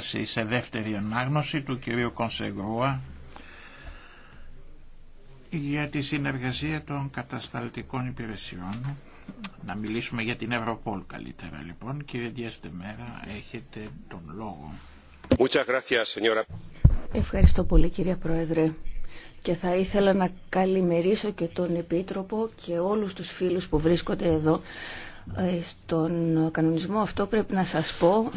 σε δεύτερη ανάγνωση του κυρίου Κονσεγρούα για τη συνεργασία των κατασταλτικών υπηρεσιών. Να μιλήσουμε για την Ευρωπόλ καλύτερα λοιπόν. Κύριε Διέστε Μέρα, έχετε τον λόγο. Ευχαριστώ πολύ κύριε Πρόεδρε. Και θα ήθελα να καλημερίσω και τον Επίτροπο και όλους τους φίλους που βρίσκονται εδώ. Ε, στον κανονισμό αυτό πρέπει να σας πω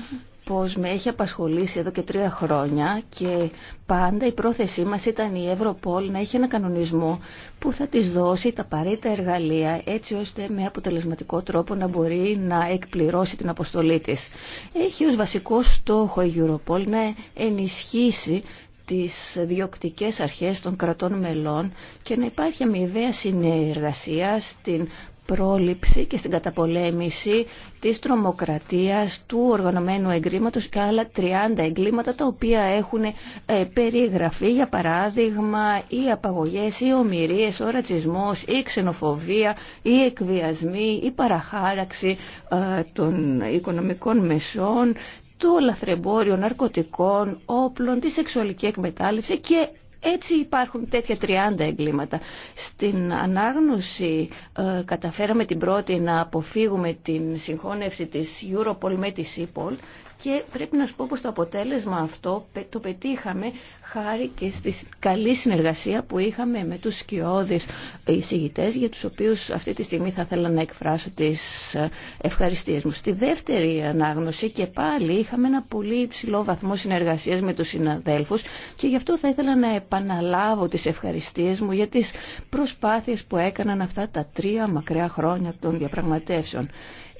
πως με έχει απασχολήσει εδώ και τρία χρόνια και πάντα η πρόθεσή μας ήταν η Ευρωπόλ να έχει ένα κανονισμό που θα της δώσει τα παρήτα εργαλεία έτσι ώστε με αποτελεσματικό τρόπο να μπορεί να εκπληρώσει την αποστολή της. Έχει ως βασικό στόχο η Ευρωπόλ να ενισχύσει τις διοκτικές αρχές των κρατών μελών και να υπάρχει αμοιβαία συνεργασία στην πρόληψη και στην καταπολέμηση της τρομοκρατίας, του οργανωμένου εγκλήματος και άλλα 30 εγκλήματα τα οποία έχουν ε, περιγραφεί, για παράδειγμα, οι απαγωγές, οι ομοιρίες, ο ρατσισμός, η ξενοφοβία, οι εκβιασμοί, η παραχάραξη ε, των οικονομικών μεσών, το λαθρεμπόριο ναρκωτικών, όπλων, τη σεξουαλική εκμετάλλευση και έτσι υπάρχουν τέτοια 30 εγκλήματα. Στην ανάγνωση ε, καταφέραμε την πρώτη να αποφύγουμε την συγχώνευση της Europol με τη Σίπολ και πρέπει να σου πω πως το αποτέλεσμα αυτό το πετύχαμε χάρη και στη καλή συνεργασία που είχαμε με τους σκιώδεις εισηγητές για τους οποίους αυτή τη στιγμή θα ήθελα να εκφράσω τις ε, ευχαριστίες μου. Στη δεύτερη ανάγνωση και πάλι είχαμε ένα πολύ υψηλό βαθμό συνεργασίας με τους συναδέλφους και γι' αυτό θα ήθελα να επαναλάβω τις ευχαριστίες μου για τις προσπάθειες που έκαναν αυτά τα τρία μακριά χρόνια των διαπραγματεύσεων.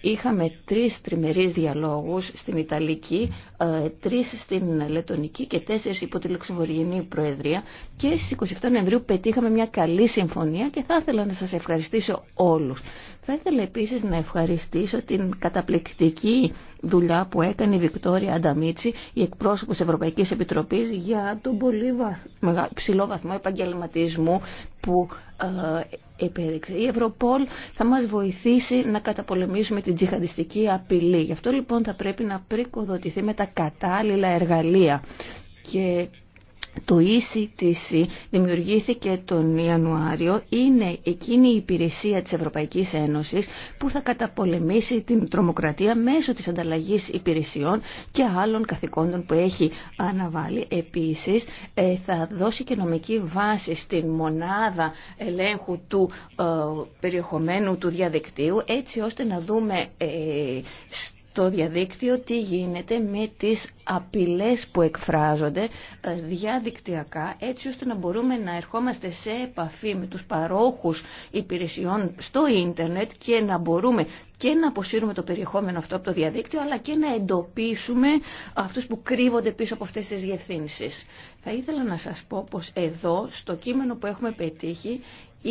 Είχαμε τρεις τριμερείς διαλόγους στην Ιταλική, ε, τρεις στην Λετωνική και τέσσερις υπό τη Λεξοβοργινή Προεδρία και στις 27 Νοεμβρίου πετύχαμε μια καλή συμφωνία και θα ήθελα να σας ευχαριστήσω όλους. Θα ήθελα επίσης να ευχαριστήσω την καταπληκτική δουλειά που έκανε η Βικτόρια Ανταμίτση, η εκπρόσωπος Ευρωπαϊκής Επιτροπής για τον πολύ ψηλό βαθμό επαγγελματισμού που ε, επέδειξη. Η Ευρωπόλ θα μας βοηθήσει να καταπολεμήσουμε την τζιχαντιστική απειλή. Γι' αυτό λοιπόν θα πρέπει να πρικοδοτηθεί με τα κατάλληλα εργαλεία. Και το ECTC δημιουργήθηκε τον Ιανουάριο, είναι εκείνη η υπηρεσία της Ευρωπαϊκής Ένωσης που θα καταπολεμήσει την τρομοκρατία μέσω της ανταλλαγής υπηρεσιών και άλλων καθηκόντων που έχει αναβάλει. Επίσης ε, θα δώσει και νομική βάση στην μονάδα ελέγχου του ε, περιεχομένου του διαδικτύου έτσι ώστε να δούμε ε, το διαδίκτυο τι γίνεται με τις απειλές που εκφράζονται ε, διαδικτυακά έτσι ώστε να μπορούμε να ερχόμαστε σε επαφή με τους παρόχους υπηρεσιών στο ίντερνετ και να μπορούμε και να αποσύρουμε το περιεχόμενο αυτό από το διαδίκτυο αλλά και να εντοπίσουμε αυτούς που κρύβονται πίσω από αυτές τις διευθύνσεις. Θα ήθελα να σας πω πως εδώ στο κείμενο που έχουμε πετύχει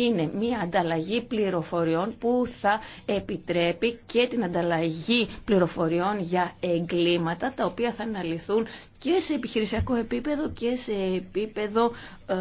είναι μια ανταλλαγή πληροφοριών που θα επιτρέπει και την ανταλλαγή πληροφοριών για εγκλήματα τα οποία θα αναλυθούν και σε επιχειρησιακό επίπεδο και σε επίπεδο ε,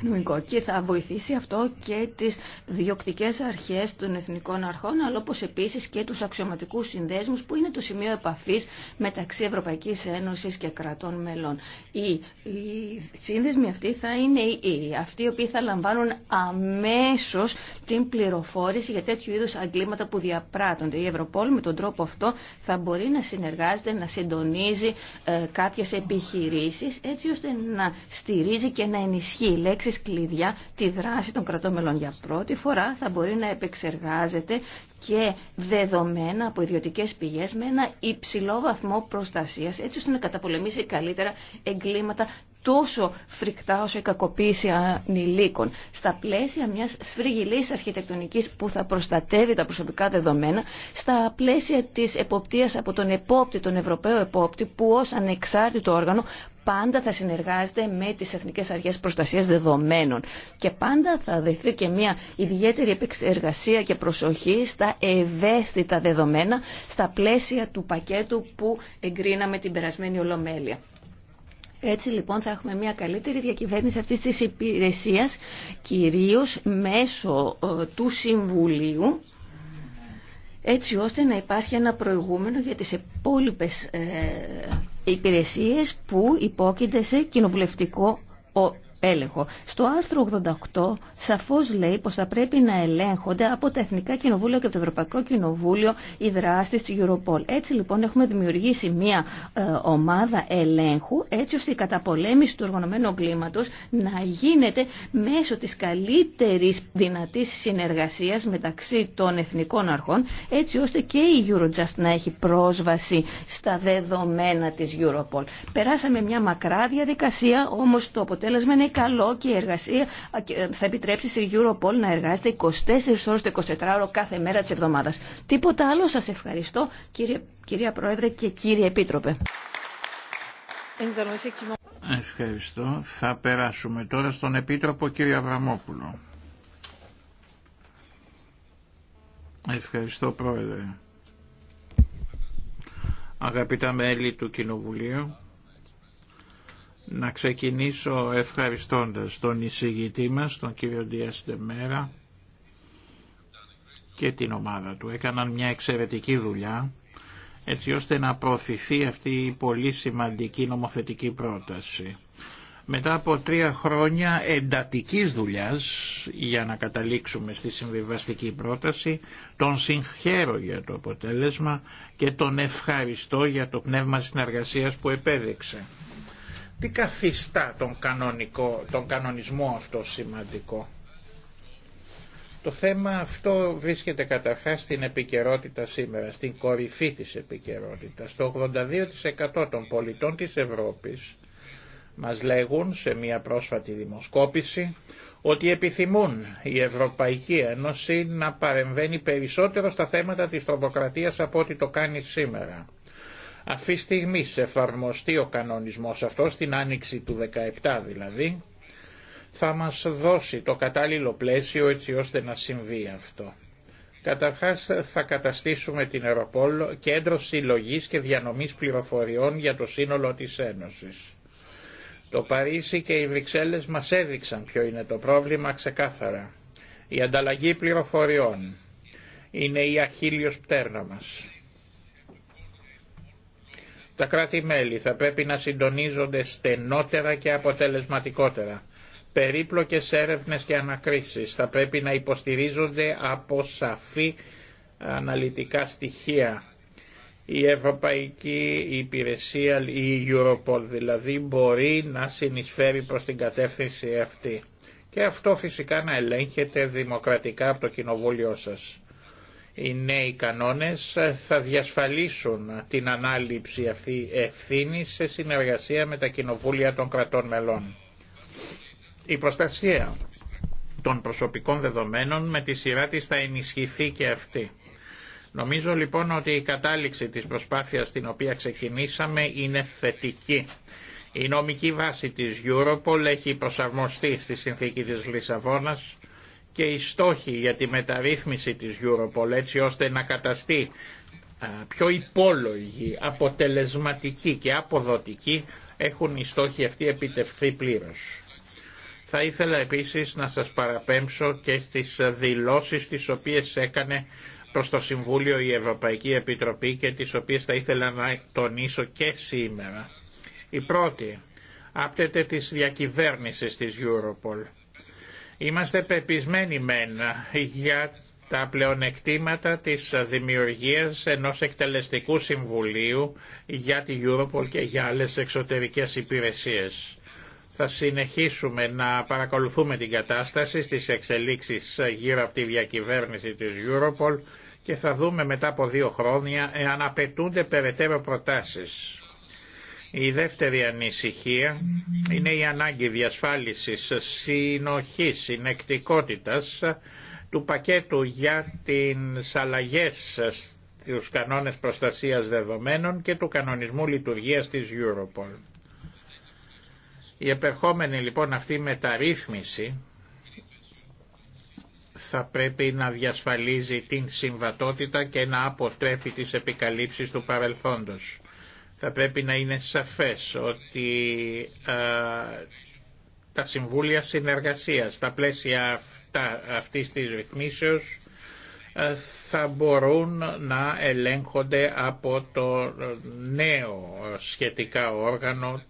νομικό και θα βοηθήσει αυτό και τις διοκτικές αρχές των εθνικών αρχών αλλά όπως επίσης και τους αξιωματικούς συνδέσμους που είναι το σημείο επαφής μεταξύ Ευρωπαϊκής Ένωσης και κρατών μελών. Οι, οι σύνδεσμοι αυτοί θα είναι οι, αυτοί οι οποίοι θα λαμβάνουν αμέσως την πληροφόρηση για τέτοιου είδους αγκλήματα που διαπράττονται. Η Ευρωπόλ με τον τρόπο αυτό θα μπορεί να συνεργάζεται, να συντονίζει ε, κάποιες επιχειρήσεις έτσι ώστε να στηρίζει και να ενισχύει λέξεις κλειδιά τη δράση των κρατώμελων Για πρώτη φορά θα μπορεί να επεξεργάζεται και δεδομένα από ιδιωτικέ πηγές με ένα υψηλό βαθμό προστασίας έτσι ώστε να καταπολεμήσει καλύτερα εγκλήματα τόσο φρικτά όσο η κακοποίηση ανηλίκων. Στα πλαίσια μιας σφριγγυλή αρχιτεκτονικής που θα προστατεύει τα προσωπικά δεδομένα, στα πλαίσια της εποπτείας από τον επόπτη, τον Ευρωπαίο επόπτη, που ως ανεξάρτητο όργανο πάντα θα συνεργάζεται με τις Εθνικές Αρχές Προστασίας Δεδομένων και πάντα θα δεχθεί και μια ιδιαίτερη επεξεργασία και προσοχή στα ευαίσθητα δεδομένα στα πλαίσια του πακέτου που εγκρίναμε την περασμένη Ολομέλεια. Έτσι λοιπόν θα έχουμε μια καλύτερη διακυβέρνηση αυτής της υπηρεσίας, κυρίως μέσω ε, του Συμβουλίου, έτσι ώστε να υπάρχει ένα προηγούμενο για τις υπόλοιπες ε, υπηρεσίες που υπόκεινται σε κοινοβουλευτικό έλεγχο. Στο άρθρο 88 σαφώς λέει πως θα πρέπει να ελέγχονται από τα Εθνικά Κοινοβούλια και από το Ευρωπαϊκό Κοινοβούλιο οι δράσεις της Europol. Έτσι λοιπόν έχουμε δημιουργήσει μια ε, ομάδα ελέγχου έτσι ώστε η καταπολέμηση του οργανωμένου κλίματος να γίνεται μέσω της καλύτερης δυνατής συνεργασίας μεταξύ των εθνικών αρχών έτσι ώστε και η Eurojust να έχει πρόσβαση στα δεδομένα της Europol. Περάσαμε μια μακρά διαδικασία όμως το αποτέλεσμα είναι καλό και η εργασία ε, θα επιτρέψει στη Europol να εργάζεται 24 ώρες το 24ωρο κάθε μέρα της εβδομάδας. Τίποτα άλλο σας ευχαριστώ κύριε, κυρία Πρόεδρε και κύριε Επίτροπε. Ευχαριστώ. Θα περάσουμε τώρα στον Επίτροπο κύριο Αβραμόπουλο. Ευχαριστώ Πρόεδρε. Αγαπητά μέλη του Κοινοβουλίου, να ξεκινήσω ευχαριστώντας τον εισηγητή μας, τον κύριο Ντία Δεμέρα και την ομάδα του. Έκαναν μια εξαιρετική δουλειά έτσι ώστε να προωθηθεί αυτή η πολύ σημαντική νομοθετική πρόταση. Μετά από τρία χρόνια εντατικής δουλειάς για να καταλήξουμε στη συμβιβαστική πρόταση, τον συγχαίρω για το αποτέλεσμα και τον ευχαριστώ για το πνεύμα συνεργασίας που επέδειξε τι καθιστά τον, κανονικό, τον κανονισμό αυτό σημαντικό. Το θέμα αυτό βρίσκεται καταρχάς στην επικαιρότητα σήμερα, στην κορυφή της επικαιρότητα. Το 82% των πολιτών της Ευρώπης μας λέγουν σε μια πρόσφατη δημοσκόπηση ότι επιθυμούν η Ευρωπαϊκή Ένωση να παρεμβαίνει περισσότερο στα θέματα της τρομοκρατίας από ό,τι το κάνει σήμερα. Αυτή τη στιγμή εφαρμοστεί ο κανονισμός αυτός, την άνοιξη του 17 δηλαδή, θα μας δώσει το κατάλληλο πλαίσιο έτσι ώστε να συμβεί αυτό. Καταρχάς θα καταστήσουμε την Ευρωπόλ κέντρο συλλογή και διανομής πληροφοριών για το σύνολο της Ένωσης. Το Παρίσι και οι Βρυξέλλες μας έδειξαν ποιο είναι το πρόβλημα ξεκάθαρα. Η ανταλλαγή πληροφοριών είναι η αχίλιος πτέρνα μας. Τα κράτη-μέλη θα πρέπει να συντονίζονται στενότερα και αποτελεσματικότερα. Περίπλοκες έρευνες και ανακρίσεις θα πρέπει να υποστηρίζονται από σαφή αναλυτικά στοιχεία. Η Ευρωπαϊκή Υπηρεσία, η Europol δηλαδή, μπορεί να συνεισφέρει προς την κατεύθυνση αυτή. Και αυτό φυσικά να ελέγχεται δημοκρατικά από το κοινοβούλιο σας οι νέοι κανόνες θα διασφαλίσουν την ανάληψη αυτή ευθύνη σε συνεργασία με τα κοινοβούλια των κρατών μελών. Η προστασία των προσωπικών δεδομένων με τη σειρά της θα ενισχυθεί και αυτή. Νομίζω λοιπόν ότι η κατάληξη της προσπάθειας την οποία ξεκινήσαμε είναι θετική. Η νομική βάση της Europol έχει προσαρμοστεί στη συνθήκη της Λισαβόνας και οι στόχοι για τη μεταρρύθμιση της Europol έτσι ώστε να καταστεί πιο υπόλογη, αποτελεσματική και αποδοτική έχουν οι στόχοι αυτοί επιτευχθεί πλήρως. Θα ήθελα επίσης να σας παραπέμψω και στις δηλώσεις τις οποίες έκανε προς το Συμβούλιο η Ευρωπαϊκή Επιτροπή και τις οποίες θα ήθελα να τονίσω και σήμερα. Η πρώτη άπτεται της διακυβέρνησης της Europol. Είμαστε πεπισμένοι μεν για τα πλεονεκτήματα της δημιουργίας ενός εκτελεστικού συμβουλίου για τη Europol και για άλλες εξωτερικές υπηρεσίες. Θα συνεχίσουμε να παρακολουθούμε την κατάσταση στις εξελίξεις γύρω από τη διακυβέρνηση της Europol και θα δούμε μετά από δύο χρόνια εάν απαιτούνται περαιτέρω προτάσεις. Η δεύτερη ανησυχία είναι η ανάγκη διασφάλισης συνοχής, συνεκτικότητας του πακέτου για τις αλλαγές στους κανόνες προστασίας δεδομένων και του κανονισμού λειτουργίας της Europol. Η επερχόμενη λοιπόν αυτή μεταρρύθμιση θα πρέπει να διασφαλίζει την συμβατότητα και να αποτρέπει τις επικαλύψεις του παρελθόντος θα πρέπει να είναι σαφές ότι ε, τα συμβούλια συνεργασίας στα πλαίσια αυτά, αυτής της ρυθμίσεως ε, θα μπορούν να ελέγχονται από το νέο σχετικά όργανο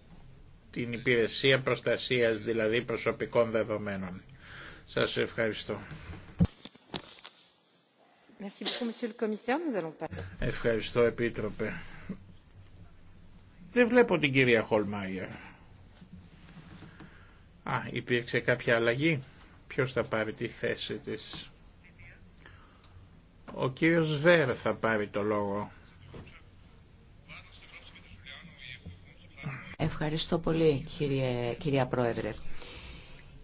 την υπηρεσία προστασίας δηλαδή προσωπικών δεδομένων. Σας ευχαριστώ. Ευχαριστώ Επίτροπε. Δεν βλέπω την κυρία Χολμάγερ. Α, υπήρξε κάποια αλλαγή. Ποιος θα πάρει τη θέση της. Ο κύριος Βέρ θα πάρει το λόγο. Ευχαριστώ πολύ κυρία Πρόεδρε.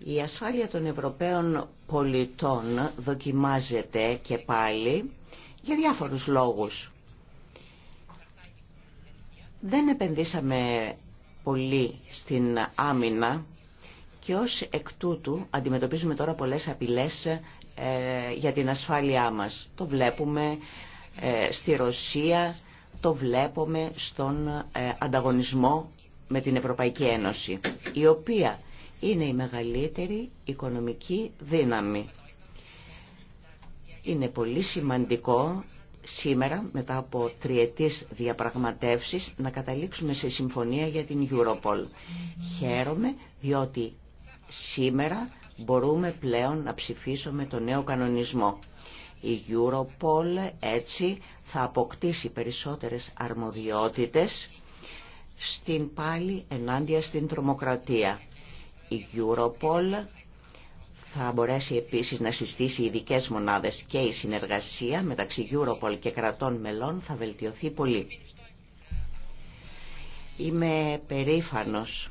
Η ασφάλεια των Ευρωπαίων πολιτών δοκιμάζεται και πάλι για διάφορους λόγους. Δεν επενδύσαμε πολύ στην άμυνα και ως εκ τούτου αντιμετωπίζουμε τώρα πολλές απειλές ε, για την ασφάλειά μας. Το βλέπουμε ε, στη Ρωσία, το βλέπουμε στον ε, ανταγωνισμό με την Ευρωπαϊκή Ένωση, η οποία είναι η μεγαλύτερη οικονομική δύναμη. Είναι πολύ σημαντικό σήμερα μετά από τριετής διαπραγματεύσεις να καταλήξουμε σε συμφωνία για την Europol. Χαίρομαι διότι σήμερα μπορούμε πλέον να ψηφίσουμε το νέο κανονισμό. Η Europol έτσι θα αποκτήσει περισσότερες αρμοδιότητες στην πάλι ενάντια στην τρομοκρατία. Η Europol θα μπορέσει επίσης να συστήσει ειδικέ μονάδες και η συνεργασία μεταξύ Europol και κρατών μελών θα βελτιωθεί πολύ. Είμαι περήφανος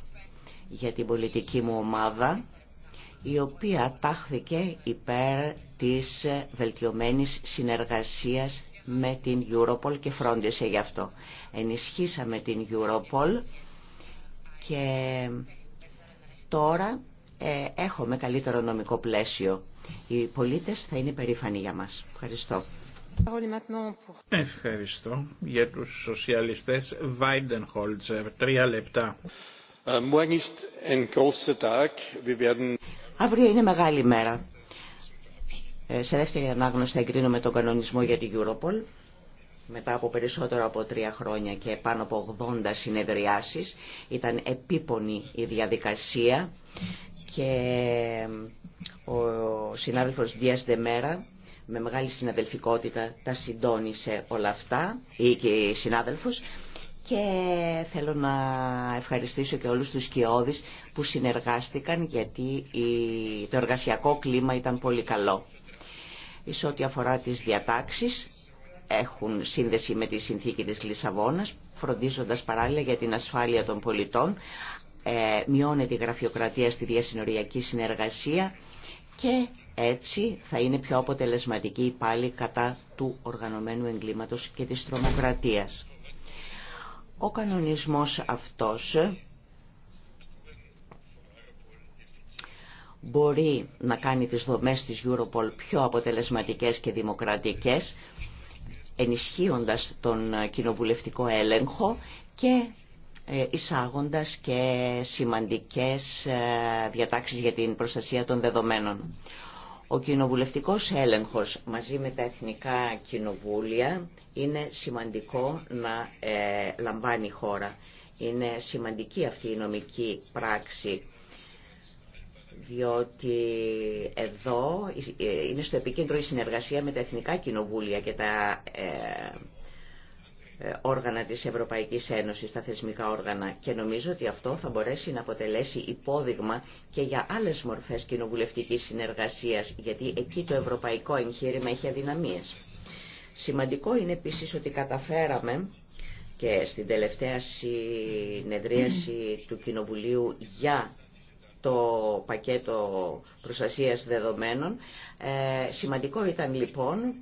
για την πολιτική μου ομάδα, η οποία τάχθηκε υπέρ της βελτιωμένης συνεργασίας με την Europol και φρόντισε γι' αυτό. Ενισχύσαμε την Europol και τώρα ε, έχουμε καλύτερο νομικό πλαίσιο. Οι πολίτες θα είναι περήφανοι για μας. Ευχαριστώ. Ευχαριστώ για τους σοσιαλιστές Βάιντεν Τρία λεπτά. Αύριο είναι μεγάλη μέρα. Ε, σε δεύτερη ανάγνωση θα εγκρίνουμε τον κανονισμό για την Europol μετά από περισσότερο από τρία χρόνια και πάνω από 80 συνεδριάσεις. Ήταν επίπονη η διαδικασία και ο συνάδελφος Δίας Δεμέρα με μεγάλη συναδελφικότητα τα συντώνησε όλα αυτά ή και η συνάδελφος και θέλω να ευχαριστήσω και όλους τους κοιόδης που συνεργάστηκαν γιατί το εργασιακό κλίμα ήταν πολύ καλό. Σε ό,τι αφορά τις διατάξεις έχουν σύνδεση με τη συνθήκη της Λισαβόνας φροντίζοντας παράλληλα για την ασφάλεια των πολιτών ε, μειώνεται η γραφειοκρατία στη διασυνοριακή συνεργασία και έτσι θα είναι πιο αποτελεσματική πάλι κατά του οργανωμένου εγκλήματος και της τρομοκρατίας. Ο κανονισμός αυτός μπορεί να κάνει τις δομές της Europol πιο αποτελεσματικές και δημοκρατικές, ενισχύοντας τον κοινοβουλευτικό έλεγχο και ε, εισάγοντας και σημαντικές ε, διατάξεις για την προστασία των δεδομένων. Ο κοινοβουλευτικός έλεγχος μαζί με τα εθνικά κοινοβούλια είναι σημαντικό να ε, λαμβάνει η χώρα. Είναι σημαντική αυτή η νομική πράξη διότι εδώ είναι στο επίκεντρο η συνεργασία με τα εθνικά κοινοβούλια και τα ε, όργανα της Ευρωπαϊκής Ένωσης, τα θεσμικά όργανα και νομίζω ότι αυτό θα μπορέσει να αποτελέσει υπόδειγμα και για άλλες μορφές κοινοβουλευτικής συνεργασίας, γιατί εκεί το ευρωπαϊκό εγχείρημα έχει αδυναμίες. Σημαντικό είναι επίσης ότι καταφέραμε και στην τελευταία συνεδρίαση του Κοινοβουλίου για το πακέτο προστασίας δεδομένων. Ε, σημαντικό ήταν λοιπόν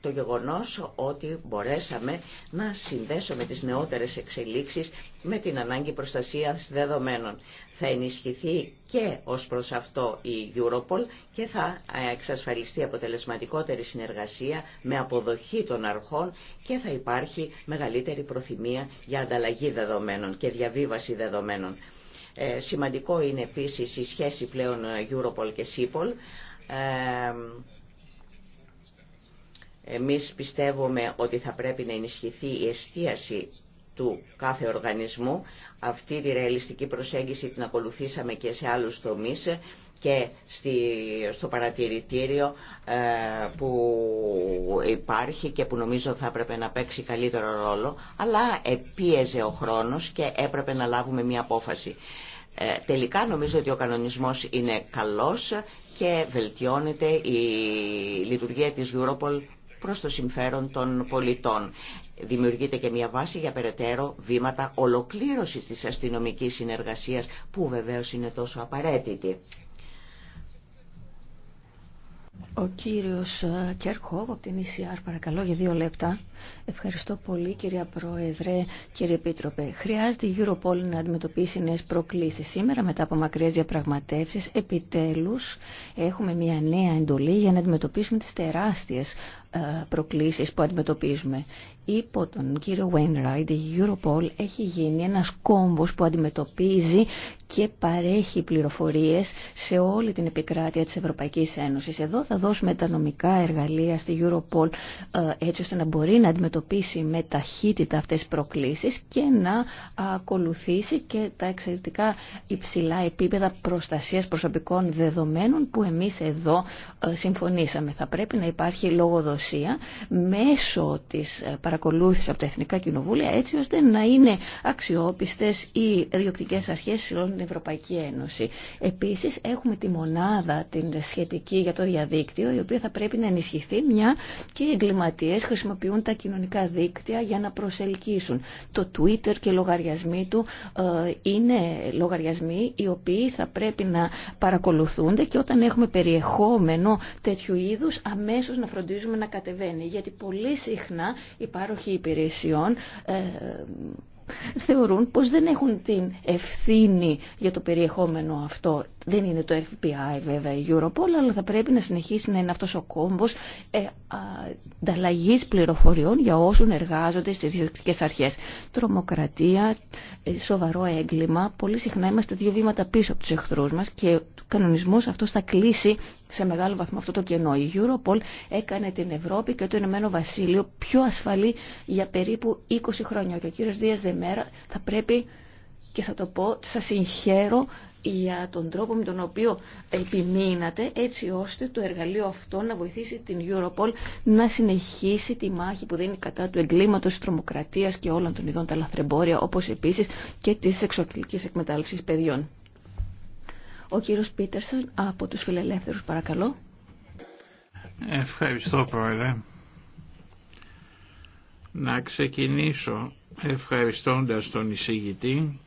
το γεγονός ότι μπορέσαμε να συνδέσουμε τις νεότερες εξελίξεις με την ανάγκη προστασίας δεδομένων. Θα ενισχυθεί και ως προς αυτό η Europol και θα εξασφαλιστεί αποτελεσματικότερη συνεργασία με αποδοχή των αρχών και θα υπάρχει μεγαλύτερη προθυμία για ανταλλαγή δεδομένων και διαβίβαση δεδομένων. Ε, σημαντικό είναι επίσης η σχέση πλέον Europol και SIPOL. Ε, εμείς πιστεύουμε ότι θα πρέπει να ενισχυθεί η εστίαση του κάθε οργανισμού. Αυτή τη ρεαλιστική προσέγγιση την ακολουθήσαμε και σε άλλους τομείς και στο παρατηρητήριο ε, που υπάρχει και που νομίζω θα έπρεπε να παίξει καλύτερο ρόλο, αλλά επίεζε ο χρόνος και έπρεπε να λάβουμε μια απόφαση. Ε, τελικά νομίζω ότι ο κανονισμός είναι καλός και βελτιώνεται η λειτουργία της Europol προς το συμφέρον των πολιτών. Δημιουργείται και μια βάση για περαιτέρω βήματα ολοκλήρωσης της αστυνομικής συνεργασίας που βεβαίως είναι τόσο απαραίτητη. Ο κύριος e παρακαλώ για δύο λεπτά. Ευχαριστώ πολύ κυρία Πρόεδρε, κύριε Επίτροπε. Χρειάζεται η Europol να αντιμετωπίσει νέες προκλήσεις. Σήμερα μετά από μακριές διαπραγματεύσεις, επιτέλους έχουμε μια νέα εντολή για να αντιμετωπίσουμε τις τεράστιες ε, προκλήσεις που αντιμετωπίζουμε. Υπό τον κύριο Wainwright, η Europol έχει γίνει ένας κόμβος που αντιμετωπίζει και παρέχει πληροφορίες σε όλη την επικράτεια της Ευρωπαϊκής Ένωσης. Εδώ θα δώσουμε τα νομικά εργαλεία στη Europol ε, έτσι ώστε να μπορεί να να αντιμετωπίσει με ταχύτητα αυτές τις προκλήσεις και να ακολουθήσει και τα εξαιρετικά υψηλά επίπεδα προστασίας προσωπικών δεδομένων που εμείς εδώ ε, συμφωνήσαμε. Θα πρέπει να υπάρχει λογοδοσία μέσω της ε, παρακολούθησης από τα Εθνικά Κοινοβούλια έτσι ώστε να είναι αξιόπιστες οι διοκτικές αρχές την Ευρωπαϊκή Ένωση. Επίσης έχουμε τη μονάδα την σχετική για το διαδίκτυο η οποία θα πρέπει να ενισχυθεί μια και οι εγκληματίες χρησιμοποιούν τα κοινωνικά δίκτυα για να προσελκύσουν. Το Twitter και οι λογαριασμοί του ε, είναι λογαριασμοί οι οποίοι θα πρέπει να παρακολουθούνται και όταν έχουμε περιεχόμενο τέτοιου είδους αμέσως να φροντίζουμε να κατεβαίνει. Γιατί πολύ συχνά οι πάροχοι υπηρεσιών ε, θεωρούν πως δεν έχουν την ευθύνη για το περιεχόμενο αυτό δεν είναι το FBI βέβαια η Europol, αλλά θα πρέπει να συνεχίσει να είναι αυτός ο κόμβος ε, ανταλλαγή πληροφοριών για όσους εργάζονται στις διοικητικές αρχές. Τρομοκρατία, ε, σοβαρό έγκλημα, πολύ συχνά είμαστε δύο βήματα πίσω από τους εχθρούς μας και ο κανονισμός αυτός θα κλείσει σε μεγάλο βαθμό αυτό το κενό. Η Europol έκανε την Ευρώπη και το Ηνωμένο Βασίλειο πιο ασφαλή για περίπου 20 χρόνια και ο κύριος Δίας Δεμέρα θα πρέπει και θα το πω, σας συγχαίρω για τον τρόπο με τον οποίο επιμείνατε έτσι ώστε το εργαλείο αυτό να βοηθήσει την Europol να συνεχίσει τη μάχη που δίνει κατά του εγκλήματος της τρομοκρατίας και όλων των ειδών τα λαθρεμπόρια όπως επίσης και της σεξουαλικής εκμετάλλευσης παιδιών. Ο κύριος Πίτερσον από τους Φιλελεύθερους παρακαλώ. Ευχαριστώ Πρόεδρε. Να ξεκινήσω ευχαριστώντας τον εισηγητή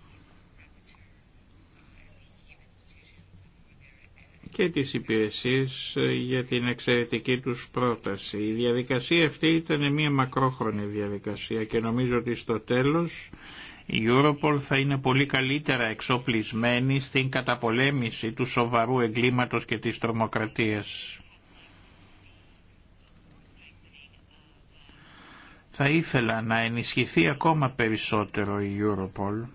και τις υπηρεσίες ε, για την εξαιρετική τους πρόταση. Η διαδικασία αυτή ήταν μια μακρόχρονη διαδικασία και νομίζω ότι στο τέλος η Europol θα είναι πολύ καλύτερα εξοπλισμένη στην καταπολέμηση του σοβαρού εγκλήματος και της τρομοκρατίας. Θα ήθελα να ενισχυθεί ακόμα περισσότερο η Europol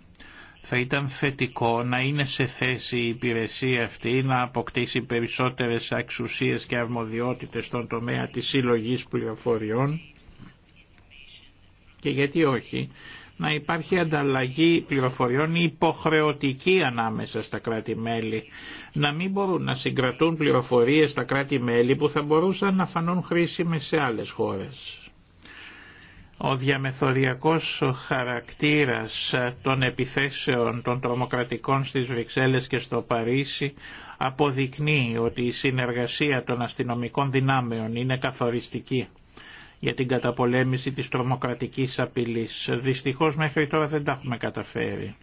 θα ήταν θετικό να είναι σε θέση η υπηρεσία αυτή να αποκτήσει περισσότερες αξουσίες και αρμοδιότητες στον τομέα της συλλογή πληροφοριών και γιατί όχι να υπάρχει ανταλλαγή πληροφοριών υποχρεωτική ανάμεσα στα κράτη-μέλη. Να μην μπορούν να συγκρατούν πληροφορίες στα κράτη-μέλη που θα μπορούσαν να φανούν χρήσιμες σε άλλες χώρες. Ο διαμεθοριακός χαρακτήρας των επιθέσεων των τρομοκρατικών στις Βρυξέλλες και στο Παρίσι αποδεικνύει ότι η συνεργασία των αστυνομικών δυνάμεων είναι καθοριστική για την καταπολέμηση της τρομοκρατικής απειλής. Δυστυχώς μέχρι τώρα δεν τα έχουμε καταφέρει.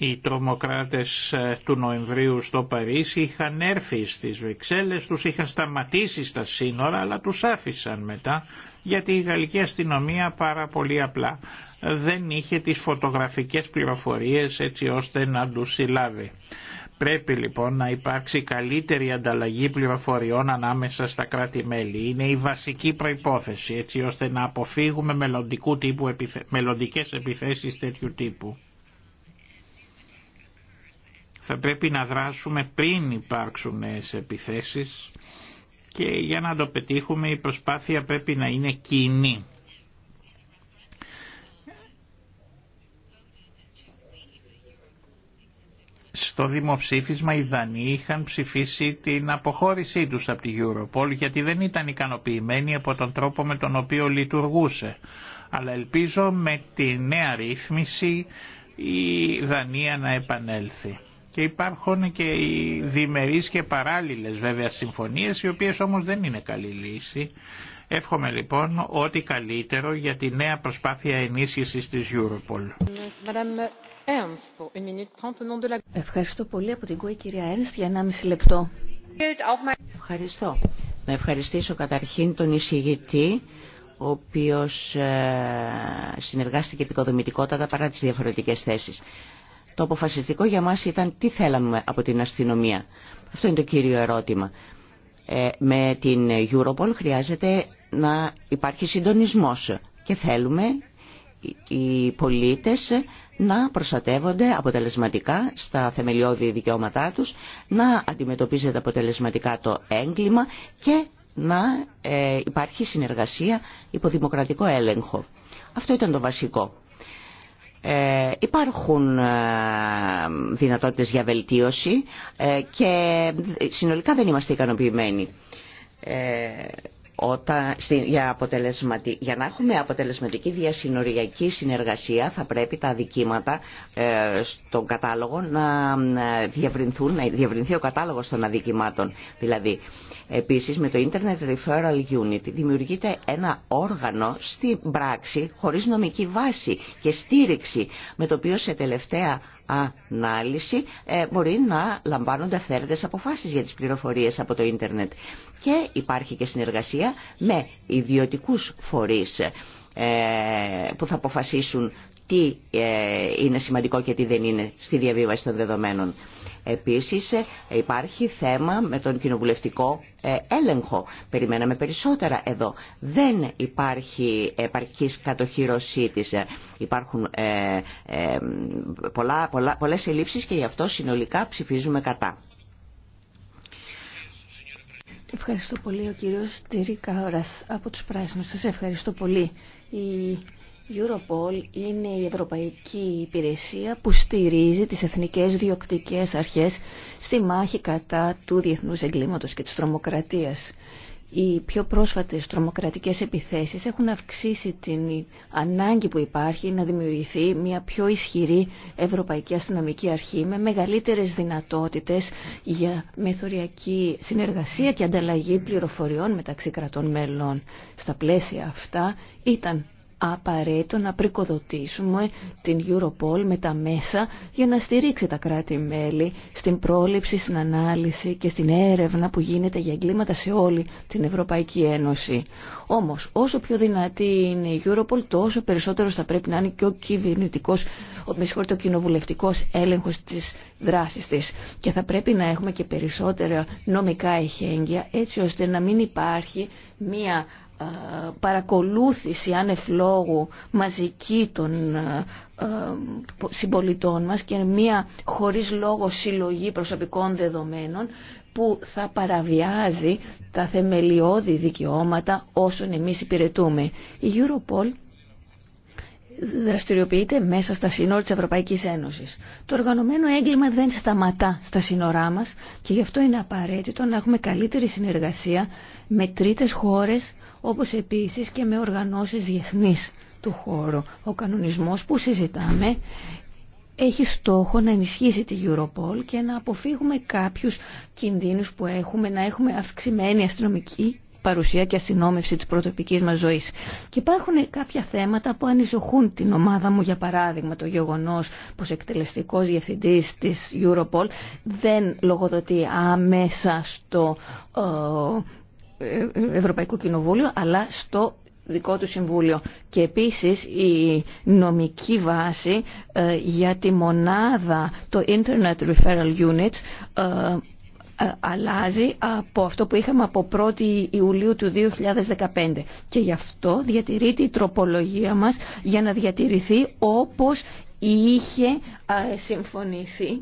Οι τρομοκράτες ε, του Νοεμβρίου στο Παρίσι είχαν έρθει στις Βρυξέλλες, τους είχαν σταματήσει στα σύνορα αλλά τους άφησαν μετά γιατί η γαλλική αστυνομία πάρα πολύ απλά δεν είχε τις φωτογραφικές πληροφορίες έτσι ώστε να τους συλλάβει. Πρέπει λοιπόν να υπάρξει καλύτερη ανταλλαγή πληροφοριών ανάμεσα στα κράτη-μέλη. Είναι η βασική προϋπόθεση έτσι ώστε να αποφύγουμε μελλοντικού τύπου επιθε... μελλοντικές επιθέσεις τέτοιου τύπου. Θα πρέπει να δράσουμε πριν υπάρξουν νέες επιθέσεις και για να το πετύχουμε η προσπάθεια πρέπει να είναι κοινή. στο δημοψήφισμα οι Δανείοι είχαν ψηφίσει την αποχώρησή τους από τη Europol γιατί δεν ήταν ικανοποιημένοι από τον τρόπο με τον οποίο λειτουργούσε. Αλλά ελπίζω με τη νέα ρύθμιση η Δανία να επανέλθει και υπάρχουν και οι διμερείς και παράλληλες βέβαια συμφωνίες οι οποίες όμως δεν είναι καλή λύση. Εύχομαι λοιπόν ό,τι καλύτερο για τη νέα προσπάθεια ενίσχυσης της Europol. Ευχαριστώ πολύ από την ΚΟΕ κυρία Ένστ για 1,5 λεπτό. Ευχαριστώ. Να ευχαριστήσω καταρχήν τον εισηγητή ο οποίος ε, συνεργάστηκε επικοδομητικότατα παρά τις διαφορετικές θέσεις. Το αποφασιστικό για μας ήταν τι θέλαμε από την αστυνομία. Αυτό είναι το κύριο ερώτημα. Ε, με την Europol χρειάζεται να υπάρχει συντονισμός και θέλουμε οι πολίτες να προστατεύονται αποτελεσματικά στα θεμελιώδη δικαιώματά τους, να αντιμετωπίζεται αποτελεσματικά το έγκλημα και να ε, υπάρχει συνεργασία υπό δημοκρατικό έλεγχο. Αυτό ήταν το βασικό. Ε, υπάρχουν ε, δυνατότητες για βελτίωση ε, και συνολικά δεν είμαστε ικανοποιημένοι. Ε, όταν, για, να έχουμε αποτελεσματική διασυνοριακή συνεργασία θα πρέπει τα αδικήματα ε, στον κατάλογο να ε, διευρυνθούν, να διευρυνθεί ο κατάλογος των αδικημάτων. Δηλαδή, επίσης με το Internet Referral Unit δημιουργείται ένα όργανο στην πράξη χωρίς νομική βάση και στήριξη με το οποίο σε τελευταία ανάλυση ε, μπορεί να λαμβάνονται αυθαίρετες αποφάσεις για τις πληροφορίες από το ίντερνετ. Και υπάρχει και συνεργασία με ιδιωτικούς φορείς ε, που θα αποφασίσουν τι ε, είναι σημαντικό και τι δεν είναι στη διαβίβαση των δεδομένων. Επίσης ε, υπάρχει θέμα με τον κοινοβουλευτικό ε, έλεγχο. Περιμέναμε περισσότερα εδώ. Δεν υπάρχει επαρκής κατοχυρωσή της. Υπάρχουν ε, ε, πολλά, πολλές ελλείψεις και γι' αυτό συνολικά ψηφίζουμε κατά. Ευχαριστώ πολύ ο κύριος Τυρίκα Ώρας από τους Πράσινους. Σας ευχαριστώ πολύ. Η Europol είναι η ευρωπαϊκή υπηρεσία που στηρίζει τις εθνικές διοκτικές αρχές στη μάχη κατά του διεθνούς εγκλήματος και της τρομοκρατίας. Οι πιο πρόσφατες τρομοκρατικές επιθέσεις έχουν αυξήσει την ανάγκη που υπάρχει να δημιουργηθεί μια πιο ισχυρή Ευρωπαϊκή Αστυνομική Αρχή με μεγαλύτερες δυνατότητες για μεθοριακή συνεργασία και ανταλλαγή πληροφοριών μεταξύ κρατών μελών. Στα πλαίσια αυτά ήταν απαραίτητο να πρικοδοτήσουμε την Europol με τα μέσα για να στηρίξει τα κράτη-μέλη στην πρόληψη, στην ανάλυση και στην έρευνα που γίνεται για εγκλήματα σε όλη την Ευρωπαϊκή Ένωση. Όμως, όσο πιο δυνατή είναι η Europol, τόσο περισσότερο θα πρέπει να είναι και ο κυβερνητικός, με συγχωρείτε, ο κοινοβουλευτικός έλεγχος της δράσης της. Και θα πρέπει να έχουμε και περισσότερα νομικά εχέγγυα, έτσι ώστε να μην υπάρχει μία ε, παρακολούθηση ανεφλόγου μαζική των ε, ε, συμπολιτών μας και μια χωρίς λόγο συλλογή προσωπικών δεδομένων που θα παραβιάζει τα θεμελιώδη δικαιώματα όσων εμείς υπηρετούμε. Η Europol δραστηριοποιείται μέσα στα σύνορα της Ευρωπαϊκής Ένωσης. Το οργανωμένο έγκλημα δεν σταματά στα σύνορά μας και γι' αυτό είναι απαραίτητο να έχουμε καλύτερη συνεργασία με τρίτες χώρες όπως επίσης και με οργανώσεις διεθνείς του χώρου. Ο κανονισμός που συζητάμε έχει στόχο να ενισχύσει τη Europol και να αποφύγουμε κάποιους κινδύνους που έχουμε, να έχουμε αυξημένη αστυνομική παρουσία και αστυνόμευση της πρωτοπικής μας ζωής. Και υπάρχουν κάποια θέματα που ανησυχούν την ομάδα μου, για παράδειγμα το γεγονός πως εκτελεστικός διευθυντής της Europol δεν λογοδοτεί άμεσα στο ε, Ευρωπαϊκού Κοινοβούλιο αλλά στο δικό του Συμβούλιο. Και επίσης η νομική βάση ε, για τη μονάδα, το Internet Referral Units, ε, ε, αλλάζει από αυτό που είχαμε από 1η Ιουλίου του 2015 και γι' αυτό διατηρείται η τροπολογία μας για να διατηρηθεί όπως είχε συμφωνηθεί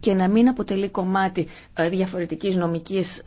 και να μην αποτελεί κομμάτι ε, διαφορετικής νομικής,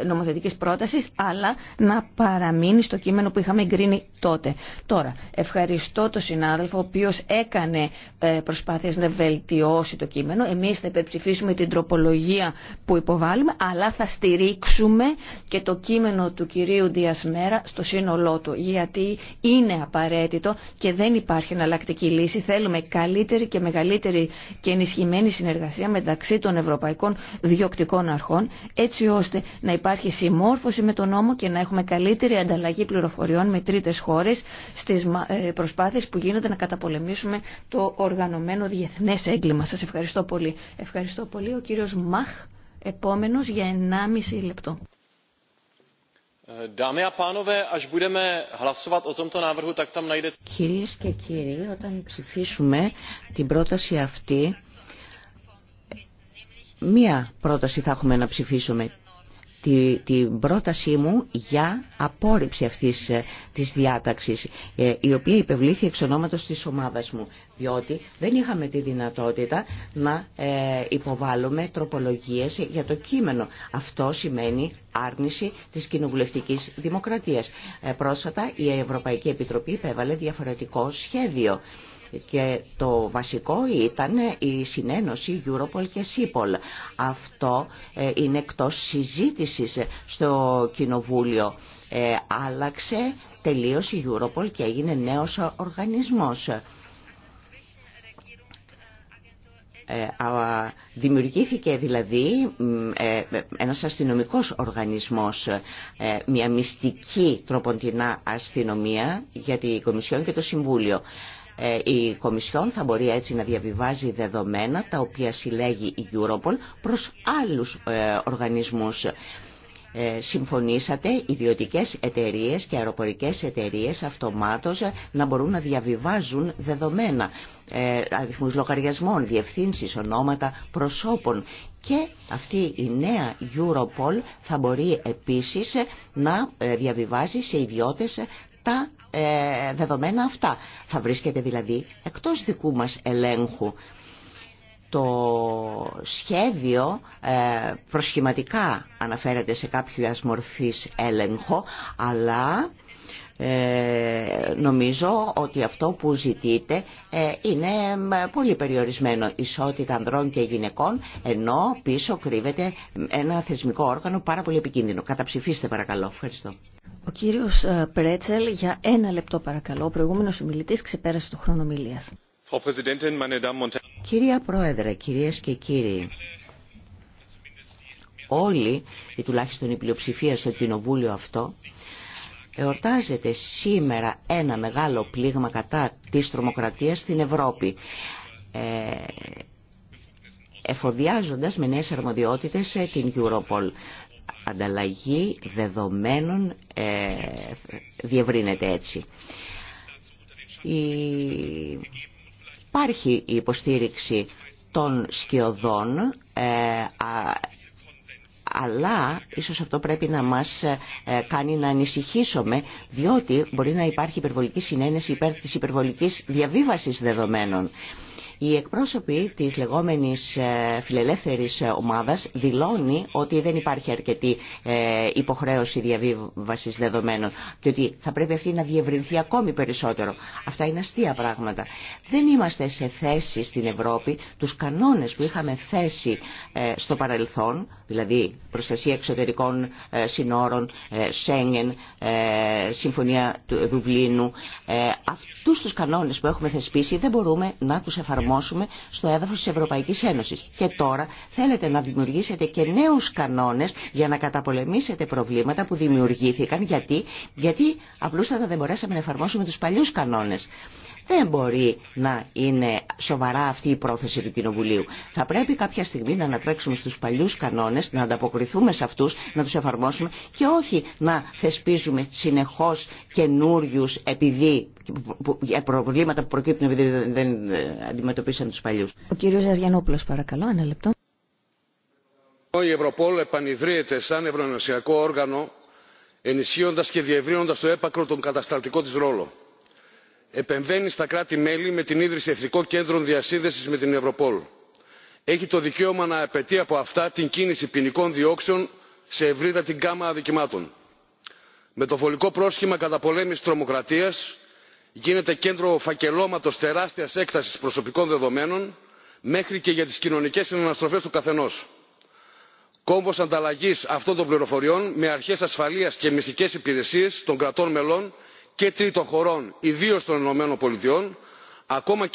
ε, νομοθετικής πρότασης, αλλά να παραμείνει στο κείμενο που είχαμε εγκρίνει τότε. Τώρα, ευχαριστώ τον συνάδελφο, ο οποίος έκανε ε, προσπάθειες να βελτιώσει το κείμενο. Εμείς θα υπερψηφίσουμε την τροπολογία που υποβάλλουμε, αλλά θα στηρίξουμε και το κείμενο του κυρίου Διασμέρα στο σύνολό του, γιατί είναι απαραίτητο και δεν υπάρχει εναλλακτική λύση. Θέλουμε καλύτερη και μεγαλύτερη και ενισχυμένη συνεργασία μεταξύ των ευρωπαϊκών διοκτικών αρχών έτσι ώστε να υπάρχει συμμόρφωση με τον νόμο και να έχουμε καλύτερη ανταλλαγή πληροφοριών με τρίτες χώρες στις ε, προσπάθειες που γίνονται να καταπολεμήσουμε το οργανωμένο διεθνές έγκλημα. Σας ευχαριστώ πολύ. Ευχαριστώ πολύ. Ο κύριος Μαχ, επόμενο για 1,5 λεπτό. Κυρίες και κύριοι, όταν ψηφίσουμε την πρόταση αυτή, Μία πρόταση θα έχουμε να ψηφίσουμε. Τη, την πρότασή μου για απόρριψη αυτής ε, της διάταξης, ε, η οποία υπευλήθη εξ ονόματος της ομάδας μου, διότι δεν είχαμε τη δυνατότητα να ε, υποβάλουμε τροπολογίες για το κείμενο. Αυτό σημαίνει άρνηση της κοινοβουλευτικής δημοκρατίας. Πρόσφατα η Ευρωπαϊκή Επιτροπή υπέβαλε διαφορετικό σχέδιο και το βασικό ήταν η συνένωση Europol και Σύπολ. Αυτό ε, είναι εκτός συζήτησης στο Κοινοβούλιο. Ε, άλλαξε τελείως η Europol και έγινε νέος οργανισμός. Ε, δημιουργήθηκε δηλαδή ε, ένας αστυνομικός οργανισμός, ε, μια μυστική τροποντινά αστυνομία για την Κομισιόν και το Συμβούλιο. Ε, η Κομισιόν θα μπορεί έτσι να διαβιβάζει δεδομένα τα οποία συλλέγει η Europol προς άλλους ε, οργανισμούς. Ε, συμφωνήσατε ιδιωτικές εταιρείες και αεροπορικές εταιρείες αυτομάτως να μπορούν να διαβιβάζουν δεδομένα, αριθμούς λογαριασμών, διευθύνσεις, ονόματα προσώπων και αυτή η νέα Europol θα μπορεί επίσης να διαβιβάζει σε ιδιώτες τα ε, δεδομένα αυτά. Θα βρίσκεται δηλαδή εκτός δικού μας ελέγχου. Το σχέδιο ε, προσχηματικά αναφέρεται σε κάποιο μορφής έλεγχο, αλλά ε, νομίζω ότι αυτό που ζητείτε ε, είναι πολύ περιορισμένο ισότητα ανδρών και γυναικών ενώ πίσω κρύβεται ένα θεσμικό όργανο πάρα πολύ επικίνδυνο. Καταψηφίστε παρακαλώ. Ευχαριστώ. Ο κύριος ε, Πρέτσελ για ένα λεπτό παρακαλώ. Ο προηγούμενος ομιλητής ξεπέρασε το χρόνο ομιλίας. Κυρία Πρόεδρε, κυρίες και κύριοι, όλοι, ή τουλάχιστον η πλειοψηφία στο κοινοβούλιο αυτό, Εορτάζεται σήμερα ένα μεγάλο πλήγμα κατά της τρομοκρατίας στην Ευρώπη, ε, εφοδιάζοντας με νέες αρμοδιότητες ε, την Europol. Ανταλλαγή δεδομένων ε, διευρύνεται έτσι. Υπάρχει η υποστήριξη των σκιωδών αλλά ίσως αυτό πρέπει να μας ε, κάνει να ανησυχήσουμε διότι μπορεί να υπάρχει υπερβολική συνένεση υπέρ της υπερβολικής διαβίβασης δεδομένων. Οι εκπρόσωποι της λεγόμενης ε, φιλελεύθερης ομάδας δηλώνει ότι δεν υπάρχει αρκετή ε, υποχρέωση διαβίβασης δεδομένων και ότι θα πρέπει αυτή να διευρυνθεί ακόμη περισσότερο. Αυτά είναι αστεία πράγματα. Δεν είμαστε σε θέση στην Ευρώπη τους κανόνες που είχαμε θέσει στο παρελθόν δηλαδή προστασία εξωτερικών ε, συνόρων, ε, Σέγγεν, ε, Συμφωνία του Δουβλίνου. Αυτούς τους κανόνες που έχουμε θεσπίσει δεν μπορούμε να τους εφαρμόσουμε στο έδαφος της Ευρωπαϊκής Ένωσης. Και τώρα θέλετε να δημιουργήσετε και νέους κανόνες για να καταπολεμήσετε προβλήματα που δημιουργήθηκαν. Γιατί, γιατί απλούστατα δεν μπορέσαμε να εφαρμόσουμε τους παλιούς κανόνες. Δεν μπορεί να είναι σοβαρά αυτή η πρόθεση του Κοινοβουλίου. Θα πρέπει κάποια στιγμή να ανατρέξουμε στους παλιούς κανόνες, να ανταποκριθούμε σε αυτούς, να τους εφαρμόσουμε και όχι να θεσπίζουμε συνεχώς καινούριου επειδή προβλήματα που προκύπτουν επειδή δεν ε, αντιμετωπίσαν τους παλιούς. Ο κύριος Αργιανόπουλος, παρακαλώ, ένα λεπτό. Η Ευρωπόλ επανειδρύεται σαν ευρωενωσιακό όργανο ενισχύοντας και διευρύνοντας το έπακρο τον κατασταλτικό της ρόλο επεμβαίνει στα κράτη μέλη με την ίδρυση εθνικών κέντρων διασύνδεσης με την Ευρωπόλ. έχει το δικαίωμα να απαιτεί από αυτά την κίνηση ποινικών διώξεων σε ευρύτατη γκάμα αδικημάτων. με το βολικό πρόσχημα κατά καταπολέμησης τρομοκρατίας γίνεται κέντρο φακελώματος τεράστιας έκτασης προσωπικών δεδομένων μέχρι και για τις κοινωνικές συναναστροφές του καθενός. κόμβος ανταλλαγής αυτών των πληροφοριών με αρχές ασφαλείας και μυστικές υπηρεσίες των κρατών μελών και τρίτων χωρών ιδίως των ΗΠΑ ακόμα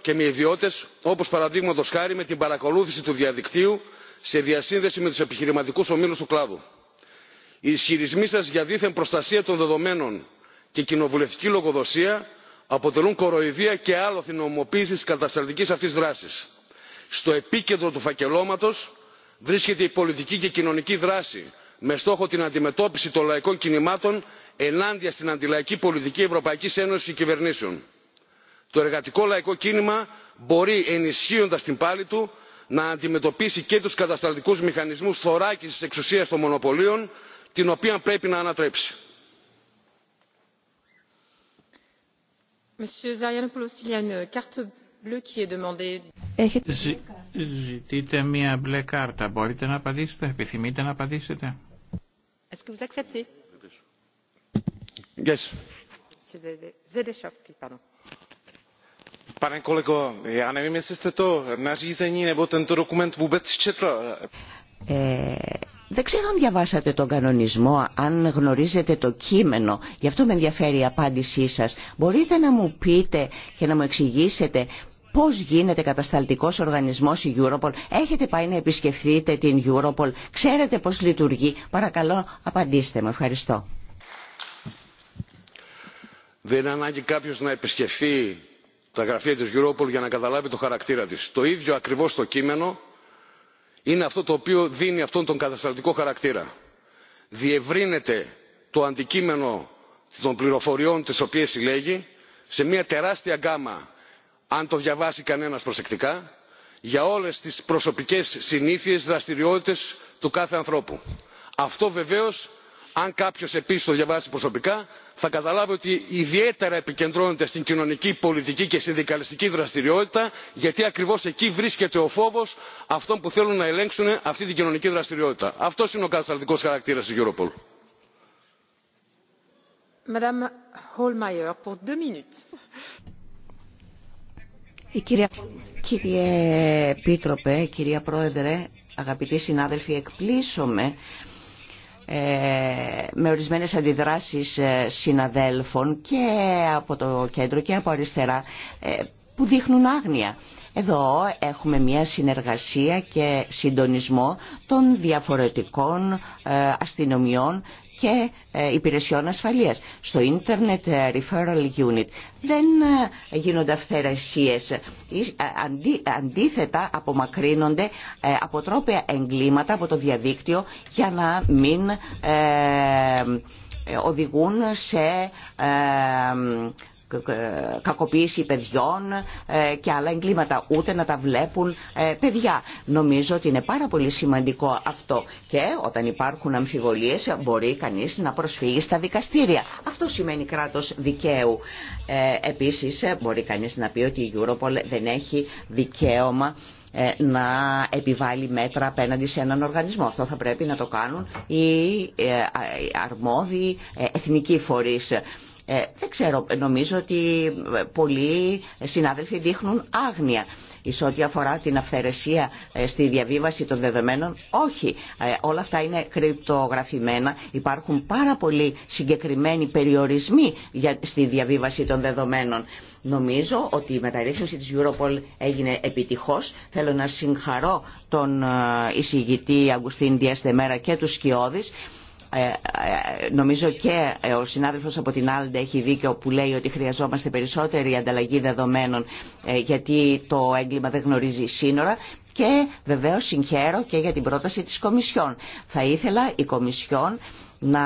και με ιδιώτες όπως παραδείγματος χάρη με την παρακολούθηση του διαδικτύου σε διασύνδεση με τους επιχειρηματικούς ομίλους του κλάδου. οι ισχυρισμοί σας για δίθεν προστασία των δεδομένων και κοινοβουλευτική λογοδοσία αποτελούν κοροϊδία και άλοθη νομοποίηση τη κατασταλτικής αυτής δράσης. στο επίκεντρο του φακελώματος βρίσκεται η πολιτική και κοινωνική δράση με στόχο την αντιμετώπιση των λαϊκών κινημάτων ενάντια στην αντιλαϊκή πολιτική ευρωπαϊκής ένωσης και κυβερνήσεων. το εργατικό λαϊκό κίνημα μπορεί ενισχύοντας την πάλη του να αντιμετωπίσει και τους κατασταλτικούς μηχανισμούς θωράκισης εξουσίας των μονοπωλίων την οποία πρέπει να ανατρέψει. Ζητείτε μία μπλε κάρτα. Μπορείτε να απαντήσετε, επιθυμείτε να απαντήσετε. Est-ce que vous acceptez Pane kolego, já nevím, jestli jste to nařízení nebo tento dokument vůbec četl. Ε, δεν ξέρω αν διαβάσατε τον κανονισμό, αν γνωρίζετε το κείμενο. Γι' αυτό με ενδιαφέρει η απάντησή σας. Μπορείτε να μου πείτε και να μου εξηγήσετε Πώς γίνεται κατασταλτικός οργανισμός η Europol. Έχετε πάει να επισκεφθείτε την Europol. Ξέρετε πώς λειτουργεί. Παρακαλώ απαντήστε με. Ευχαριστώ. Δεν είναι ανάγκη κάποιο να επισκεφθεί τα γραφεία της Europol για να καταλάβει το χαρακτήρα της. Το ίδιο ακριβώς το κείμενο είναι αυτό το οποίο δίνει αυτόν τον κατασταλτικό χαρακτήρα. Διευρύνεται το αντικείμενο των πληροφοριών τις οποίες συλλέγει σε μια τεράστια γκάμα αν το διαβάσει κανένας προσεκτικά για όλες τις προσωπικές συνήθειες δραστηριότητες του κάθε ανθρώπου. αυτό βεβαίως αν κάποιος επίσης το διαβάσει προσωπικά θα καταλάβει ότι ιδιαίτερα επικεντρώνεται στην κοινωνική πολιτική και συνδικαλιστική δραστηριότητα γιατί ακριβώς εκεί βρίσκεται ο φόβος αυτών που θέλουν να ελέγξουν αυτή την κοινωνική δραστηριότητα. Αυτό είναι ο κατασταλτικός χαρακτήρας της europol. Η κυρία... Κύριε Πίτροπε, κυρία Πρόεδρε, αγαπητοί συνάδελφοι, εκπλήσωμε με ορισμένες αντιδράσεις ε, συναδέλφων και από το κέντρο και από αριστερά ε, που δείχνουν άγνοια. Εδώ έχουμε μια συνεργασία και συντονισμό των διαφορετικών ε, αστυνομιών και ε, υπηρεσιών ασφαλείας. Στο Internet ε, Referral Unit δεν ε, γίνονται αυθαιρεσίες. Αντίθετα απομακρύνονται αποτρόπαια εγκλήματα από το διαδίκτυο για να μην οδηγούν σε ε, ε, κακοποίηση παιδιών ε, και άλλα εγκλήματα, ούτε να τα βλέπουν παιδιά. Νομίζω ότι είναι πάρα πολύ σημαντικό αυτό και όταν υπάρχουν αμφιβολίες μπορεί κανείς να προσφύγει στα δικαστήρια. Αυτό σημαίνει κράτος δικαίου. Επίσης μπορεί κανείς να πει ότι η Europol δεν έχει δικαίωμα ε, να επιβάλλει μέτρα απέναντι σε έναν οργανισμό. Αυτό θα πρέπει να το κάνουν οι ε, αρμόδιοι ε, εθνικοί φορείς ε, δεν ξέρω, νομίζω ότι πολλοί συνάδελφοι δείχνουν άγνοια. Εις ό,τι αφορά την αυθαιρεσία ε, στη διαβίβαση των δεδομένων, όχι. Ε, όλα αυτά είναι κρυπτογραφημένα. Υπάρχουν πάρα πολλοί συγκεκριμένοι περιορισμοί για, στη διαβίβαση των δεδομένων. Νομίζω ότι η μεταρρύθμιση της Europol έγινε επιτυχώς. Θέλω να συγχαρώ τον εισηγητή Αγκουστίν Διαστεμέρα και τους Σκιώδης. Ε, ε, νομίζω και ε, ο συνάδελφος από την Άλντε έχει δίκιο που λέει ότι χρειαζόμαστε περισσότερη ανταλλαγή δεδομένων γιατί το έγκλημα δεν γνωρίζει σύνορα και βεβαίως συγχαίρω και για την πρόταση της Κομισιόν. Θα ήθελα η Κομισιόν να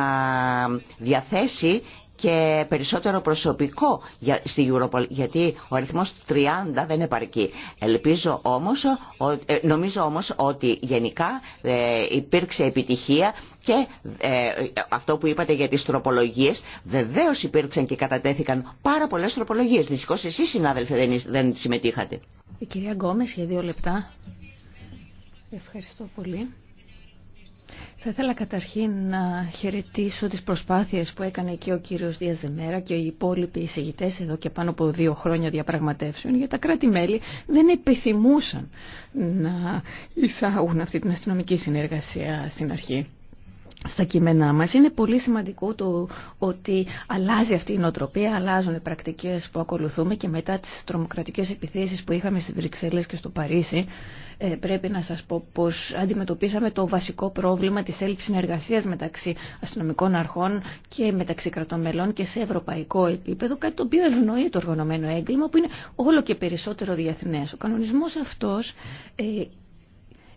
διαθέσει και περισσότερο προσωπικό για, στη Europol, γιατί ο αριθμός 30 δεν επαρκεί. Ελπίζω όμως, νομίζω όμως ότι γενικά υπήρξε επιτυχία και ε, αυτό που είπατε για τις τροπολογίες, βεβαίως υπήρξαν και κατατέθηκαν πάρα πολλές τροπολογίες. Δυστυχώς εσείς συνάδελφοι δεν, δεν συμμετείχατε. Η κυρία Γκόμες για δύο λεπτά. Ευχαριστώ πολύ. Θα ήθελα καταρχήν να χαιρετήσω τις προσπάθειες που έκανε και ο κύριος Δίας Δεμέρα και οι υπόλοιποι εισηγητές εδώ και πάνω από δύο χρόνια διαπραγματεύσεων για τα κράτη-μέλη δεν επιθυμούσαν να εισάγουν αυτή την αστυνομική συνεργασία στην αρχή στα κείμενά μας. Είναι πολύ σημαντικό το ότι αλλάζει αυτή η νοοτροπία, αλλάζουν οι πρακτικές που ακολουθούμε και μετά τις τρομοκρατικές επιθέσεις που είχαμε στις Βρυξέλλες και στο Παρίσι ε, πρέπει να σας πω πως αντιμετωπίσαμε το βασικό πρόβλημα της έλλειψης συνεργασίας μεταξύ αστυνομικών αρχών και μεταξύ κρατών μελών και σε ευρωπαϊκό επίπεδο, κάτι το οποίο ευνοεί το οργανωμένο έγκλημα που είναι όλο και περισσότερο διεθνές. Ο κανονισμός αυτός ε,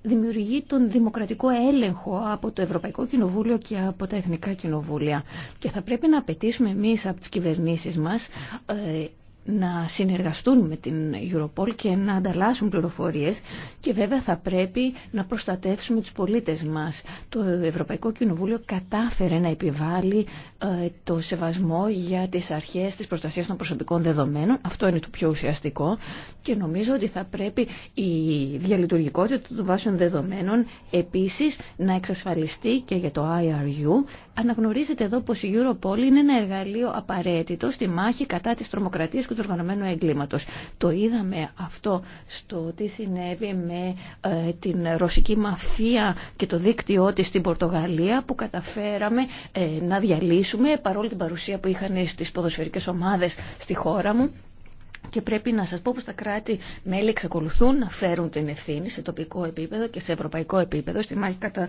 δημιουργεί τον δημοκρατικό έλεγχο από το Ευρωπαϊκό Κοινοβούλιο και από τα Εθνικά Κοινοβούλια. Και θα πρέπει να απαιτήσουμε εμείς από τις κυβερνήσεις μας ε, να συνεργαστούν με την Europol και να ανταλλάσσουν πληροφορίες και βέβαια θα πρέπει να προστατεύσουμε τους πολίτες μας. Το Ευρωπαϊκό Κοινοβούλιο κατάφερε να επιβάλλει ε, το σεβασμό για τις αρχές της προστασίας των προσωπικών δεδομένων. Αυτό είναι το πιο ουσιαστικό και νομίζω ότι θα πρέπει η διαλειτουργικότητα των βάσεων δεδομένων επίσης να εξασφαλιστεί και για το IRU. Αναγνωρίζετε εδώ πως η Europol είναι ένα εργαλείο απαραίτητο στη μάχη κατά της τρομοκρατίας του οργανωμένου εγκλήματος. Το είδαμε αυτό στο τι συνέβη με ε, την ρωσική μαφία και το δίκτυό της στην Πορτογαλία που καταφέραμε ε, να διαλύσουμε παρόλη την παρουσία που είχαν στις ποδοσφαιρικές ομάδες στη χώρα μου. Και πρέπει να σας πω πως τα κράτη-μέλη εξακολουθούν να φέρουν την ευθύνη σε τοπικό επίπεδο και σε ευρωπαϊκό επίπεδο στη μάχη κατά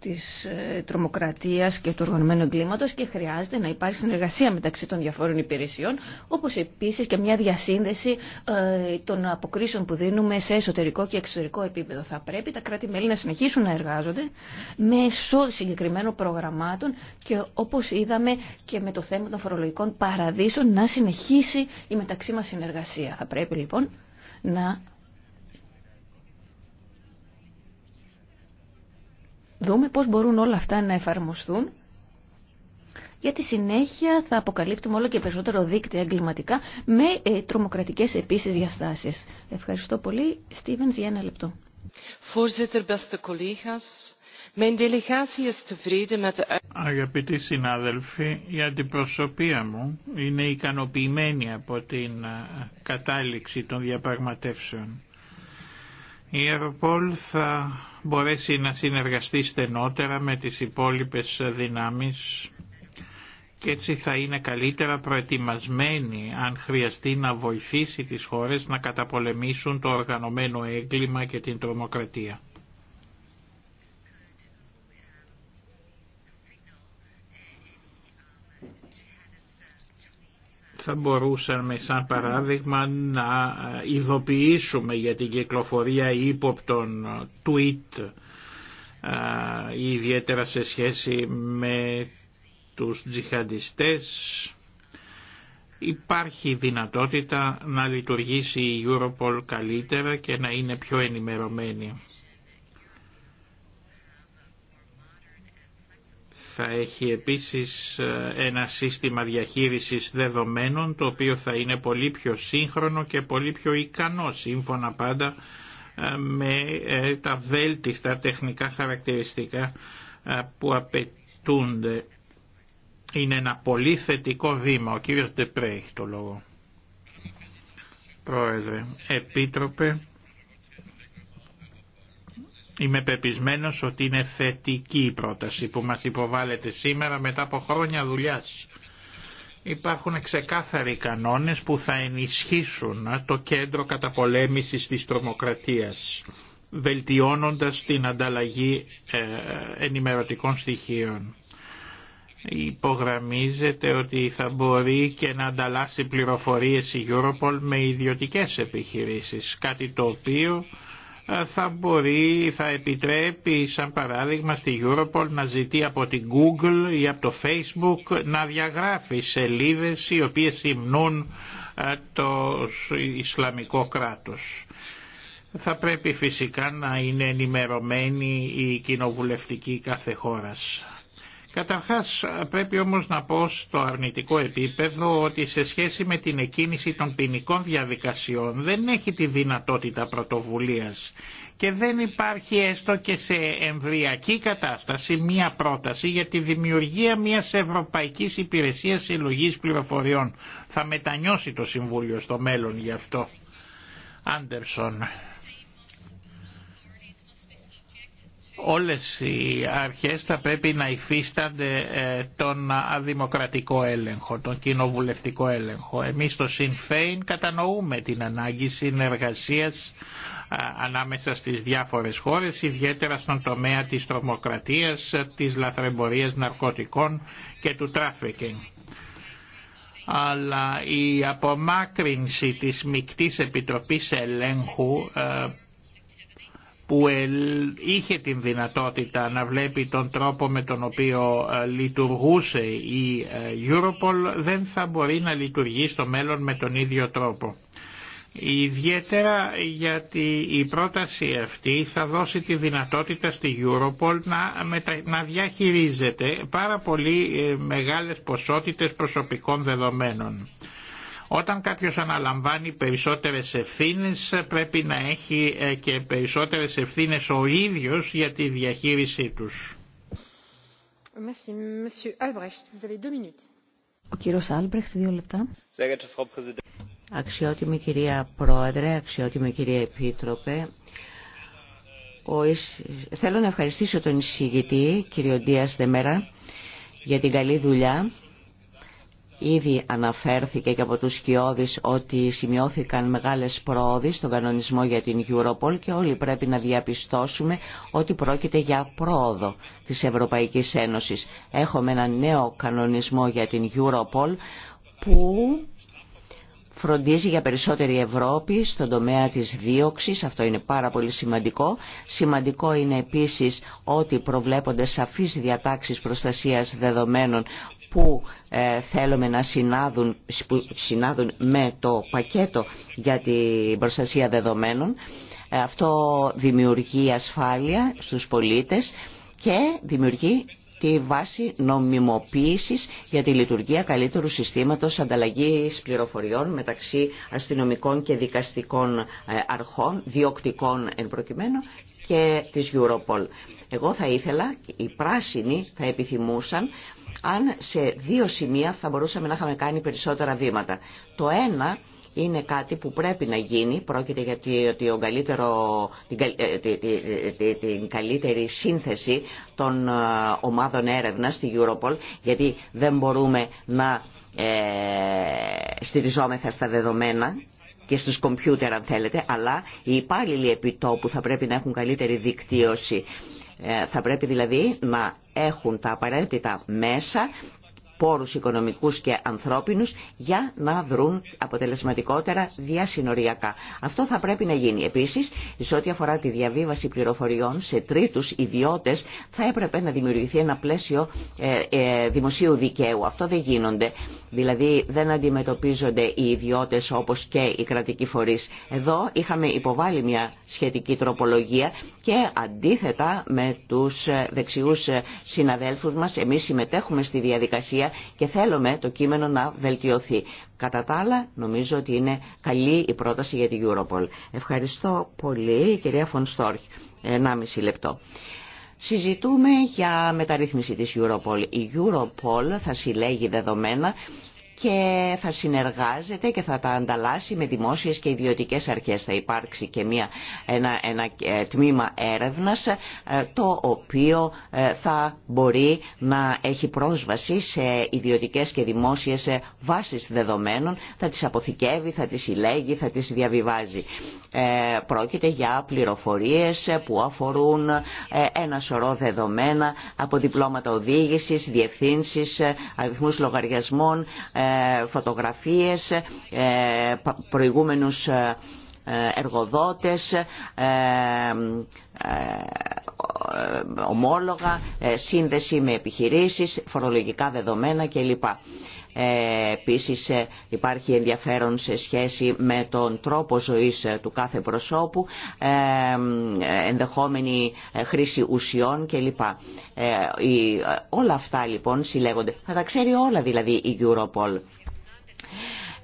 της ε, τρομοκρατίας και του οργανωμένου εγκλήματος και χρειάζεται να υπάρχει συνεργασία μεταξύ των διαφόρων υπηρεσιών, όπως επίσης και μια διασύνδεση ε, των αποκρίσεων που δίνουμε σε εσωτερικό και εξωτερικό επίπεδο. Θα πρέπει τα κράτη-μέλη να συνεχίσουν να εργάζονται μέσω συγκεκριμένων προγραμμάτων και όπως είδαμε και με το θέμα των φορολογικών παραδείσων να συνεχίσει η μεταξύ μας συνεργασία. Θα πρέπει λοιπόν να δούμε πώς μπορούν όλα αυτά να εφαρμοστούν γιατί συνέχεια θα αποκαλύπτουμε όλο και περισσότερο δίκτυα εγκληματικά με ε, τρομοκρατικές επίσης διαστάσεις. Ευχαριστώ πολύ. Στίβενς για ένα λεπτό. Αγαπητοί συνάδελφοι, η αντιπροσωπεία μου είναι ικανοποιημένη από την ε, κατάληξη των διαπραγματεύσεων. Η Ευρωπόλ θα μπορέσει να συνεργαστεί στενότερα με τις υπόλοιπες δυνάμεις και έτσι θα είναι καλύτερα προετοιμασμένη αν χρειαστεί να βοηθήσει τις χώρες να καταπολεμήσουν το οργανωμένο έγκλημα και την τρομοκρατία. θα μπορούσαμε σαν παράδειγμα να ειδοποιήσουμε για την κυκλοφορία ύποπτων tweet ε, ιδιαίτερα σε σχέση με τους τζιχαντιστές υπάρχει δυνατότητα να λειτουργήσει η Europol καλύτερα και να είναι πιο ενημερωμένη. θα έχει επίσης ε, ένα σύστημα διαχείρισης δεδομένων το οποίο θα είναι πολύ πιο σύγχρονο και πολύ πιο ικανό σύμφωνα πάντα ε, με ε, τα βέλτιστα τεχνικά χαρακτηριστικά που απαιτούνται. Είναι ένα πολύ θετικό βήμα. Ο κύριος Ντεπρέ έχει το λόγο. Πρόεδρε, Επίτροπε, Είμαι πεπισμένος ότι είναι θετική η πρόταση που μας υποβάλλεται σήμερα μετά από χρόνια δουλειάς. Υπάρχουν ξεκάθαροι κανόνες που θα ενισχύσουν το κέντρο καταπολέμησης της τρομοκρατίας, βελτιώνοντας την ανταλλαγή ε, ενημερωτικών στοιχείων. Υπογραμμίζεται ότι θα μπορεί και να ανταλλάσσει πληροφορίες η Europol με ιδιωτικές επιχειρήσεις, κάτι το οποίο θα μπορεί, θα επιτρέπει σαν παράδειγμα στη Europol να ζητεί από την Google ή από το Facebook να διαγράφει σελίδες οι οποίες υμνούν ε, το Ισλαμικό κράτος. Θα πρέπει φυσικά να είναι ενημερωμένη η κοινοβουλευτική κάθε χώρας. Καταρχάς πρέπει όμως να πω στο αρνητικό επίπεδο ότι σε σχέση με την εκκίνηση των ποινικών διαδικασιών δεν έχει τη δυνατότητα πρωτοβουλίας και δεν υπάρχει έστω και σε εμβριακή κατάσταση μία πρόταση για τη δημιουργία μιας Ευρωπαϊκής Υπηρεσίας Συλλογής Πληροφοριών. Θα μετανιώσει το Συμβούλιο στο μέλλον γι' αυτό. Άντερσον. όλες οι αρχές θα πρέπει να υφίστανται ε, τον αδημοκρατικό έλεγχο, τον κοινοβουλευτικό έλεγχο. Εμείς στο ΣΥΝΦΕΙΝ κατανοούμε την ανάγκη συνεργασίας ε, ανάμεσα στις διάφορες χώρες, ιδιαίτερα στον τομέα της τρομοκρατίας, της λαθρεμπορίας ναρκωτικών και του τράφικινγκ αλλά η απομάκρυνση της μικτής επιτροπής ελέγχου ε, που είχε την δυνατότητα να βλέπει τον τρόπο με τον οποίο ε, λειτουργούσε η ε, Europol δεν θα μπορεί να λειτουργεί στο μέλλον με τον ίδιο τρόπο. Ιδιαίτερα γιατί η πρόταση αυτή θα δώσει τη δυνατότητα στη Europol να, να διαχειρίζεται πάρα πολύ ε, μεγάλες ποσότητες προσωπικών δεδομένων. Όταν κάποιος αναλαμβάνει περισσότερες ευθύνες πρέπει να έχει ε, και περισσότερες ευθύνες ο ίδιος για τη διαχείρισή τους. Ο κύριος Άλμπρεχτ, δύο λεπτά. Αξιότιμη κυρία Πρόεδρε, αξιότιμη κυρία Επίτροπε, θέλω να ευχαριστήσω τον εισηγητή, κύριο Ντίας Δεμέρα, για την καλή δουλειά Ήδη αναφέρθηκε και από τους Σκιώδης ότι σημειώθηκαν μεγάλες πρόοδοι στον κανονισμό για την Europol και όλοι πρέπει να διαπιστώσουμε ότι πρόκειται για πρόοδο της Ευρωπαϊκής Ένωσης. Έχουμε ένα νέο κανονισμό για την Europol που φροντίζει για περισσότερη Ευρώπη στον τομέα της δίωξης, αυτό είναι πάρα πολύ σημαντικό. Σημαντικό είναι επίσης ότι προβλέπονται σαφείς διατάξεις προστασίας δεδομένων που ε, θέλουμε να συνάδουν, συνάδουν με το πακέτο για την προστασία δεδομένων. Ε, αυτό δημιουργεί ασφάλεια στους πολίτες και δημιουργεί τη βάση νομιμοποίησης για τη λειτουργία καλύτερου συστήματος ανταλλαγής πληροφοριών μεταξύ αστυνομικών και δικαστικών ε, αρχών, διοκτικών εν προκειμένου και της Europol. Εγώ θα ήθελα, οι πράσινοι θα επιθυμούσαν αν σε δύο σημεία θα μπορούσαμε να είχαμε κάνει περισσότερα βήματα. Το ένα είναι κάτι που πρέπει να γίνει, πρόκειται για την, ε, την καλύτερη σύνθεση των ε, ομάδων έρευνας στη Europol, γιατί δεν μπορούμε να ε, στηριζόμεθα στα δεδομένα και στους κομπιούτερ αν θέλετε, αλλά οι υπάλληλοι επιτόπου θα πρέπει να έχουν καλύτερη δικτύωση ε, θα πρέπει δηλαδή να έχουν τα απαραίτητα μέσα πόρους οικονομικούς και ανθρώπινους για να δρουν αποτελεσματικότερα διασυνοριακά. Αυτό θα πρέπει να γίνει. Επίσης, σε ό,τι αφορά τη διαβίβαση πληροφοριών σε τρίτους ιδιώτες, θα έπρεπε να δημιουργηθεί ένα πλαίσιο ε, ε, δημοσίου δικαίου. Αυτό δεν γίνονται. Δηλαδή δεν αντιμετωπίζονται οι ιδιώτες όπως και οι κρατικοί φορείς. Εδώ είχαμε υποβάλει μια σχετική τροπολογία και αντίθετα με τους ε, δεξιούς συναδέλφους μας εμείς συμμετέχουμε στη διαδικασία και θέλουμε το κείμενο να βελτιωθεί. Κατά τα άλλα, νομίζω ότι είναι καλή η πρόταση για την Europol. Ευχαριστώ πολύ, κυρία Φωνστόρχ. μισή λεπτό. Συζητούμε για μεταρρύθμιση της Europol. Η Europol θα συλλέγει δεδομένα και θα συνεργάζεται και θα τα ανταλλάσσει με δημόσιες και ιδιωτικές αρχές. Θα υπάρξει και μια, ένα, ένα ε, τμήμα έρευνας ε, το οποίο ε, θα μπορεί να έχει πρόσβαση σε ιδιωτικές και δημόσιες βάσεις δεδομένων, θα τις αποθηκεύει, θα τις συλλέγει, θα τις διαβιβάζει. Πρόκειται για πληροφορίες που αφορούν ένα σωρό δεδομένα από διπλώματα οδήγησης, διευθύνσεις, αριθμούς λογαριασμών, φωτογραφίες, ε, προηγούμενους ε, εργοδότες, ε, ε, ομόλογα, ε, σύνδεση με επιχειρήσεις, φορολογικά δεδομένα κλπ. Επίσης υπάρχει ενδιαφέρον σε σχέση με τον τρόπο ζωής του κάθε προσώπου, ενδεχόμενη χρήση ουσιών κλπ. Όλα αυτά λοιπόν συλλέγονται. Θα τα ξέρει όλα δηλαδή η Europol.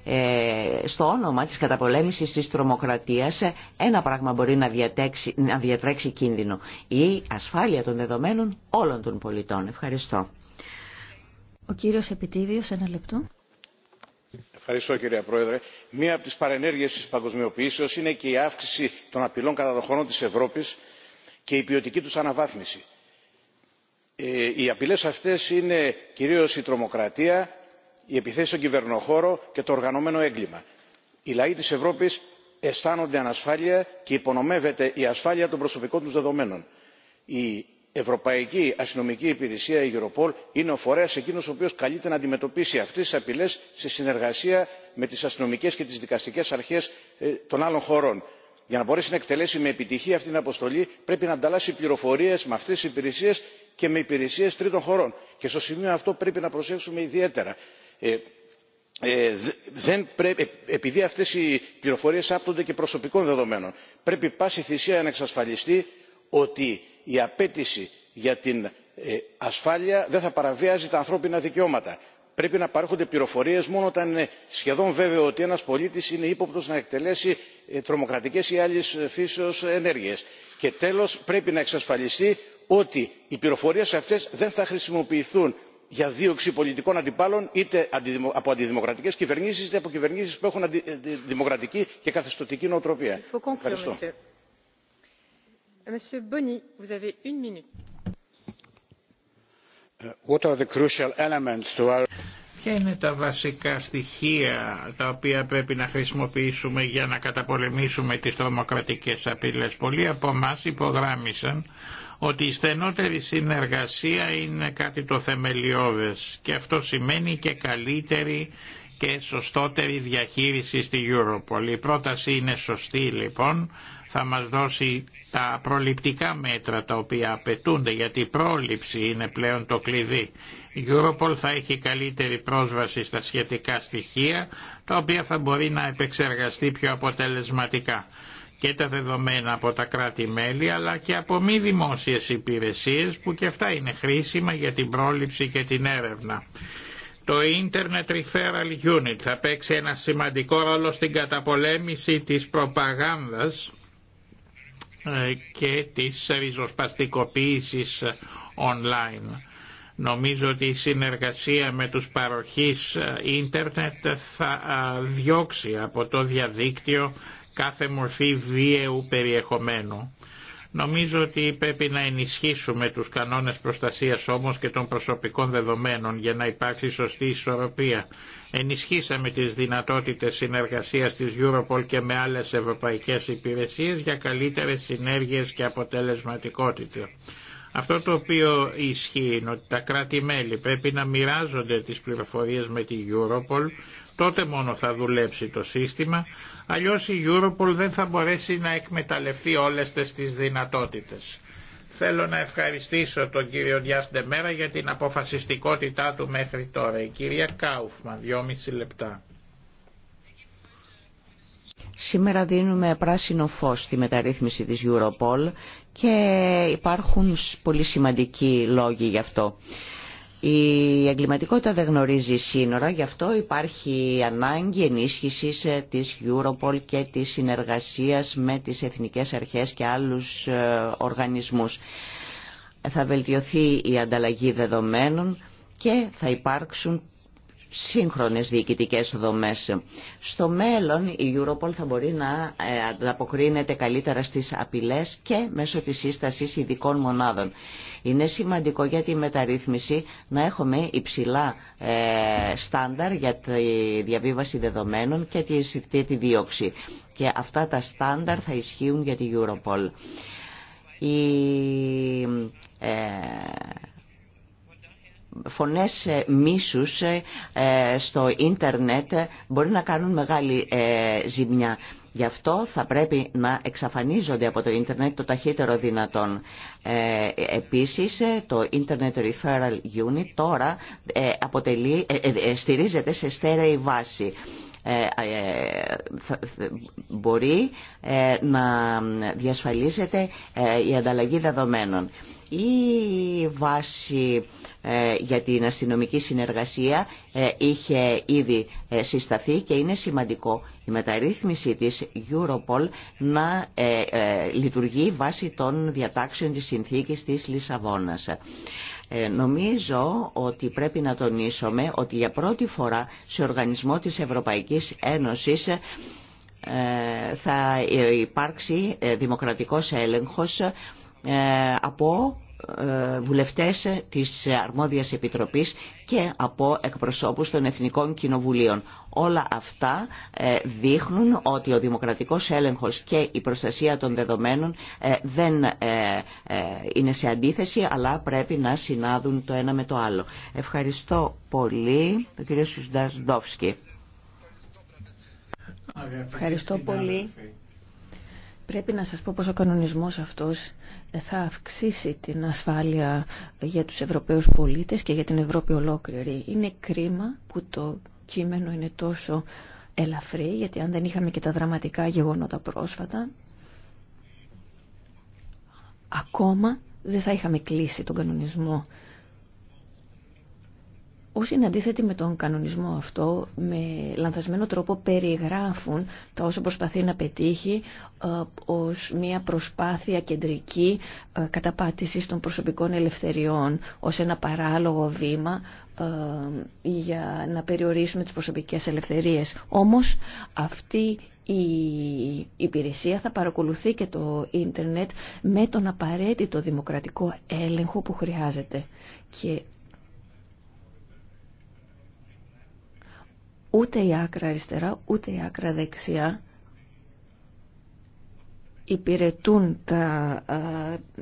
Ε, στο όνομα της καταπολέμησης της τρομοκρατίας ε, ένα πράγμα μπορεί να, διατέξει, να διατρέξει κίνδυνο. Η ασφάλεια των δεδομένων όλων των πολιτών. Ευχαριστώ. Ο κύριος Επιτίδιος, ένα λεπτό. Ευχαριστώ κύριε Πρόεδρε. Μία από τις παρενέργειες της παγκοσμιοποίησεως είναι και η αύξηση των απειλών καταδοχών της Ευρώπης και η ποιοτική τους αναβάθμιση. Ε, οι απειλές αυτές είναι κυρίως η τρομοκρατία, η επιθέσει στον κυβερνοχώρο και το οργανωμένο έγκλημα. οι λαοί τη Ευρώπη αισθάνονται ανασφάλεια και υπονομεύεται η ασφάλεια των προσωπικών του δεδομένων. η ευρωπαϊκή αστυνομική υπηρεσία η europol είναι ο φορέας εκείνο ο οποίο καλείται να αντιμετωπίσει αυτέ τι απειλέ σε συνεργασία με τι αστυνομικέ και τι δικαστικέ αρχέ ε, των άλλων χωρών. για να μπορέσει να εκτελέσει με επιτυχία αυτή την αποστολή πρέπει να ανταλλάσσει πληροφορίε με αυτέ τις υπηρεσίε και με υπηρεσίε τρίτων χωρών και στο σημείο αυτό πρέπει να προσέξουμε ιδιαίτερα. Ε, ε, ε, επειδή αυτές οι πληροφορίες άπτονται και προσωπικών δεδομένων πρέπει πάση θυσία να εξασφαλιστεί ότι η απέτηση για την ασφάλεια δεν θα παραβιάζει τα ανθρώπινα δικαιώματα. πρέπει να παρέχονται πληροφορίες μόνο όταν είναι σχεδόν βέβαιο ότι ένας πολίτης είναι ύποπτος να εκτελέσει τρομοκρατικές ή άλλης φύσεως ενέργειες. και τέλος πρέπει να εξασφαλιστεί ότι οι πληροφορίες αυτές δεν θα χρησιμοποιηθούν για δίωξη πολιτικών αντιπάλων είτε από αντιδημοκρατικέ κυβερνήσει είτε από κυβερνήσει που έχουν αντιδημοκρατική ε, και καθεστωτική νοοτροπία. Ευχαριστώ. Ε, what are the crucial elements to our... Ποια είναι τα βασικά στοιχεία τα οποία πρέπει να χρησιμοποιήσουμε για να καταπολεμήσουμε τις τρομοκρατικές απειλές. Πολλοί από εμά υπογράμμισαν ότι η στενότερη συνεργασία είναι κάτι το θεμελιώδες και αυτό σημαίνει και καλύτερη και σωστότερη διαχείριση στη Europol. Η πρόταση είναι σωστή λοιπόν, θα μας δώσει τα προληπτικά μέτρα τα οποία απαιτούνται γιατί η πρόληψη είναι πλέον το κλειδί. Η Europol θα έχει καλύτερη πρόσβαση στα σχετικά στοιχεία τα οποία θα μπορεί να επεξεργαστεί πιο αποτελεσματικά και τα δεδομένα από τα κράτη-μέλη αλλά και από μη δημόσιες υπηρεσίες που και αυτά είναι χρήσιμα για την πρόληψη και την έρευνα. Το Internet Referral Unit θα παίξει ένα σημαντικό ρόλο στην καταπολέμηση της προπαγάνδας ε, και της ριζοσπαστικοποίηση online. Νομίζω ότι η συνεργασία με τους παροχείς ε, ίντερνετ θα ε, διώξει από το διαδίκτυο κάθε μορφή βίαιου περιεχομένου. Νομίζω ότι πρέπει να ενισχύσουμε τους κανόνες προστασίας όμως και των προσωπικών δεδομένων για να υπάρξει σωστή ισορροπία. Ενισχύσαμε τις δυνατότητες συνεργασίας της Europol και με άλλες ευρωπαϊκές υπηρεσίες για καλύτερες συνέργειες και αποτελεσματικότητα. Αυτό το οποίο ισχύει είναι ότι τα κράτη-μέλη πρέπει να μοιράζονται τις πληροφορίες με τη Europol Τότε μόνο θα δουλέψει το σύστημα, αλλιώς η Europol δεν θα μπορέσει να εκμεταλλευτεί όλες τις δυνατότητες. Θέλω να ευχαριστήσω τον κύριο Διάς Ντεμέρα για την αποφασιστικότητά του μέχρι τώρα. Η κυρία Κάουφμα, δυόμιση λεπτά. Σήμερα δίνουμε πράσινο φως στη μεταρρύθμιση της Europol και υπάρχουν πολύ σημαντικοί λόγοι γι' αυτό. Η εγκληματικότητα δεν γνωρίζει σύνορα, γι' αυτό υπάρχει ανάγκη ενίσχυσης ε, της Europol και της συνεργασίας με τις εθνικές αρχές και άλλους ε, οργανισμούς. Θα βελτιωθεί η ανταλλαγή δεδομένων και θα υπάρξουν σύγχρονες διοικητικές δομές. Στο μέλλον η Europol θα μπορεί να ε, ανταποκρίνεται καλύτερα στις απειλές και μέσω της σύστασης ειδικών μονάδων. Είναι σημαντικό για τη μεταρρύθμιση να έχουμε υψηλά ε, στάνταρ για τη διαβίβαση δεδομένων και τη δίωξη. Και αυτά τα στάνταρ θα ισχύουν για τη Europol. Ε, φωνές ε, μίσους ε, ε, στο ίντερνετ μπορεί να κάνουν μεγάλη ζημιά. Γι' αυτό θα πρέπει να εξαφανίζονται από το ίντερνετ το ταχύτερο δυνατόν. Ε, επίσης, το Internet Referral Unit τώρα αποτελεί, στηρίζεται σε στέρεη βάση. μπορεί να διασφαλίζεται η ανταλλαγή δεδομένων. Η βάση ε, για την αστυνομική συνεργασία ε, είχε ήδη ε, συσταθεί και είναι σημαντικό η μεταρρύθμιση της Europol να λειτουργεί βάσει των διατάξεων της συνθήκης της Λισαβόνας. Νομίζω ότι πρέπει να τονίσουμε ότι για πρώτη φορά σε οργανισμό της Ευρωπαϊκής Ένωσης θα υπάρξει δημοκρατικός έλεγχος ε, από ε, βουλευτές της Αρμόδιας Επιτροπής και από εκπροσώπους των Εθνικών Κοινοβουλίων. Όλα αυτά ε, δείχνουν ότι ο δημοκρατικός έλεγχος και η προστασία των δεδομένων δεν είναι σε αντίθεση αλλά πρέπει να συνάδουν το ένα με το άλλο. Ευχαριστώ πολύ τον κύριο Ευχαριστώ πολύ. Πρέπει να σας πω πως ο κανονισμός αυτός ε, θα αυξήσει την ασφάλεια για τους Ευρωπαίους πολίτες και για την Ευρώπη ολόκληρη. Είναι κρίμα που το κείμενο είναι τόσο ελαφρύ, γιατί αν δεν είχαμε και τα δραματικά γεγονότα πρόσφατα, ακόμα δεν θα είχαμε κλείσει τον κανονισμό όσοι είναι αντίθετοι με τον κανονισμό αυτό, με λανθασμένο τρόπο περιγράφουν τα όσα προσπαθεί να πετύχει ε, ως μια προσπάθεια κεντρική ε, καταπάτησης των προσωπικών ελευθεριών, ως ένα παράλογο βήμα ε, για να περιορίσουμε τις προσωπικές ελευθερίες. Όμως αυτή η υπηρεσία θα παρακολουθεί και το ίντερνετ με τον απαραίτητο δημοκρατικό έλεγχο που χρειάζεται. Και ούτε η άκρα αριστερά ούτε η άκρα δεξιά υπηρετούν τα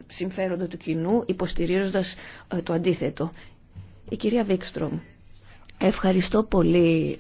συμφέροντα του κοινού υποστηρίζοντας το αντίθετο. Η κυρία Βίξτρομ, ευχαριστώ πολύ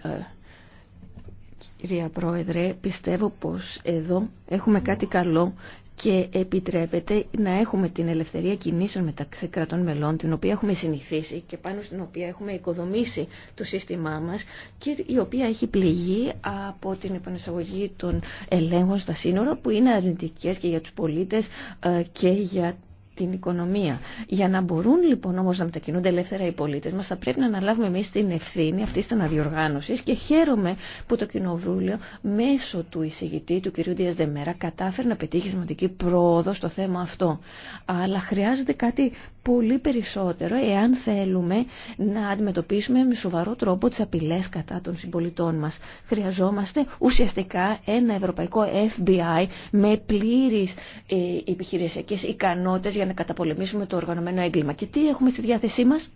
κυρία Πρόεδρε. Πιστεύω πως εδώ έχουμε κάτι καλό και επιτρέπεται να έχουμε την ελευθερία κινήσεων μεταξύ κρατών μελών, την οποία έχουμε συνηθίσει και πάνω στην οποία έχουμε οικοδομήσει το σύστημά μας και η οποία έχει πληγεί από την επανεσαγωγή των ελέγχων στα σύνορα που είναι αρνητικές και για τους πολίτες ε, και για την οικονομία. Για να μπορούν λοιπόν όμως να μετακινούνται ελεύθερα οι πολίτες μας θα πρέπει να αναλάβουμε εμείς την ευθύνη αυτή της αναδιοργάνωσης και χαίρομαι που το Κοινοβούλιο μέσω του εισηγητή του κ. Δεμέρα... κατάφερε να πετύχει σημαντική πρόοδο στο θέμα αυτό. Αλλά χρειάζεται κάτι πολύ περισσότερο εάν θέλουμε να αντιμετωπίσουμε με σοβαρό τρόπο τις απειλές κατά των συμπολιτών μας. Χρειαζόμαστε ουσιαστικά ένα ευρωπαϊκό FBI με πλήρεις ε, επιχειρησιακές ικανότητες για να καταπολεμήσουμε το οργανωμένο έγκλημα. Και τι έχουμε στη διάθεσή μας?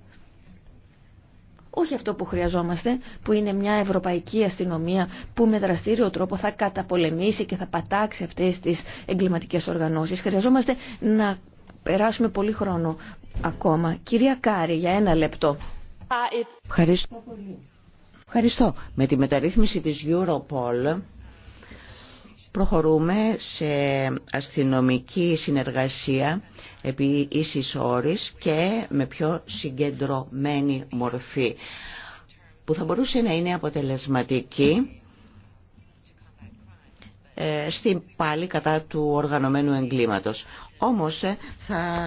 όχι αυτό που χρειαζόμαστε, που είναι μια ευρωπαϊκή αστυνομία που με δραστήριο τρόπο θα καταπολεμήσει και θα πατάξει αυτές τις εγκληματικές οργανώσεις. Χρειαζόμαστε να περάσουμε πολύ χρόνο ακόμα. Κυρία Κάρη, για ένα λεπτό. Ευχαριστώ πολύ. Ευχαριστώ. Με τη μεταρρύθμιση της Europol Προχωρούμε σε αστυνομική συνεργασία επί ίσης όρης και με πιο συγκεντρωμένη μορφή που θα μπορούσε να είναι αποτελεσματική ε, στην πάλι κατά του οργανωμένου εγκλήματος. Όμως ε, θα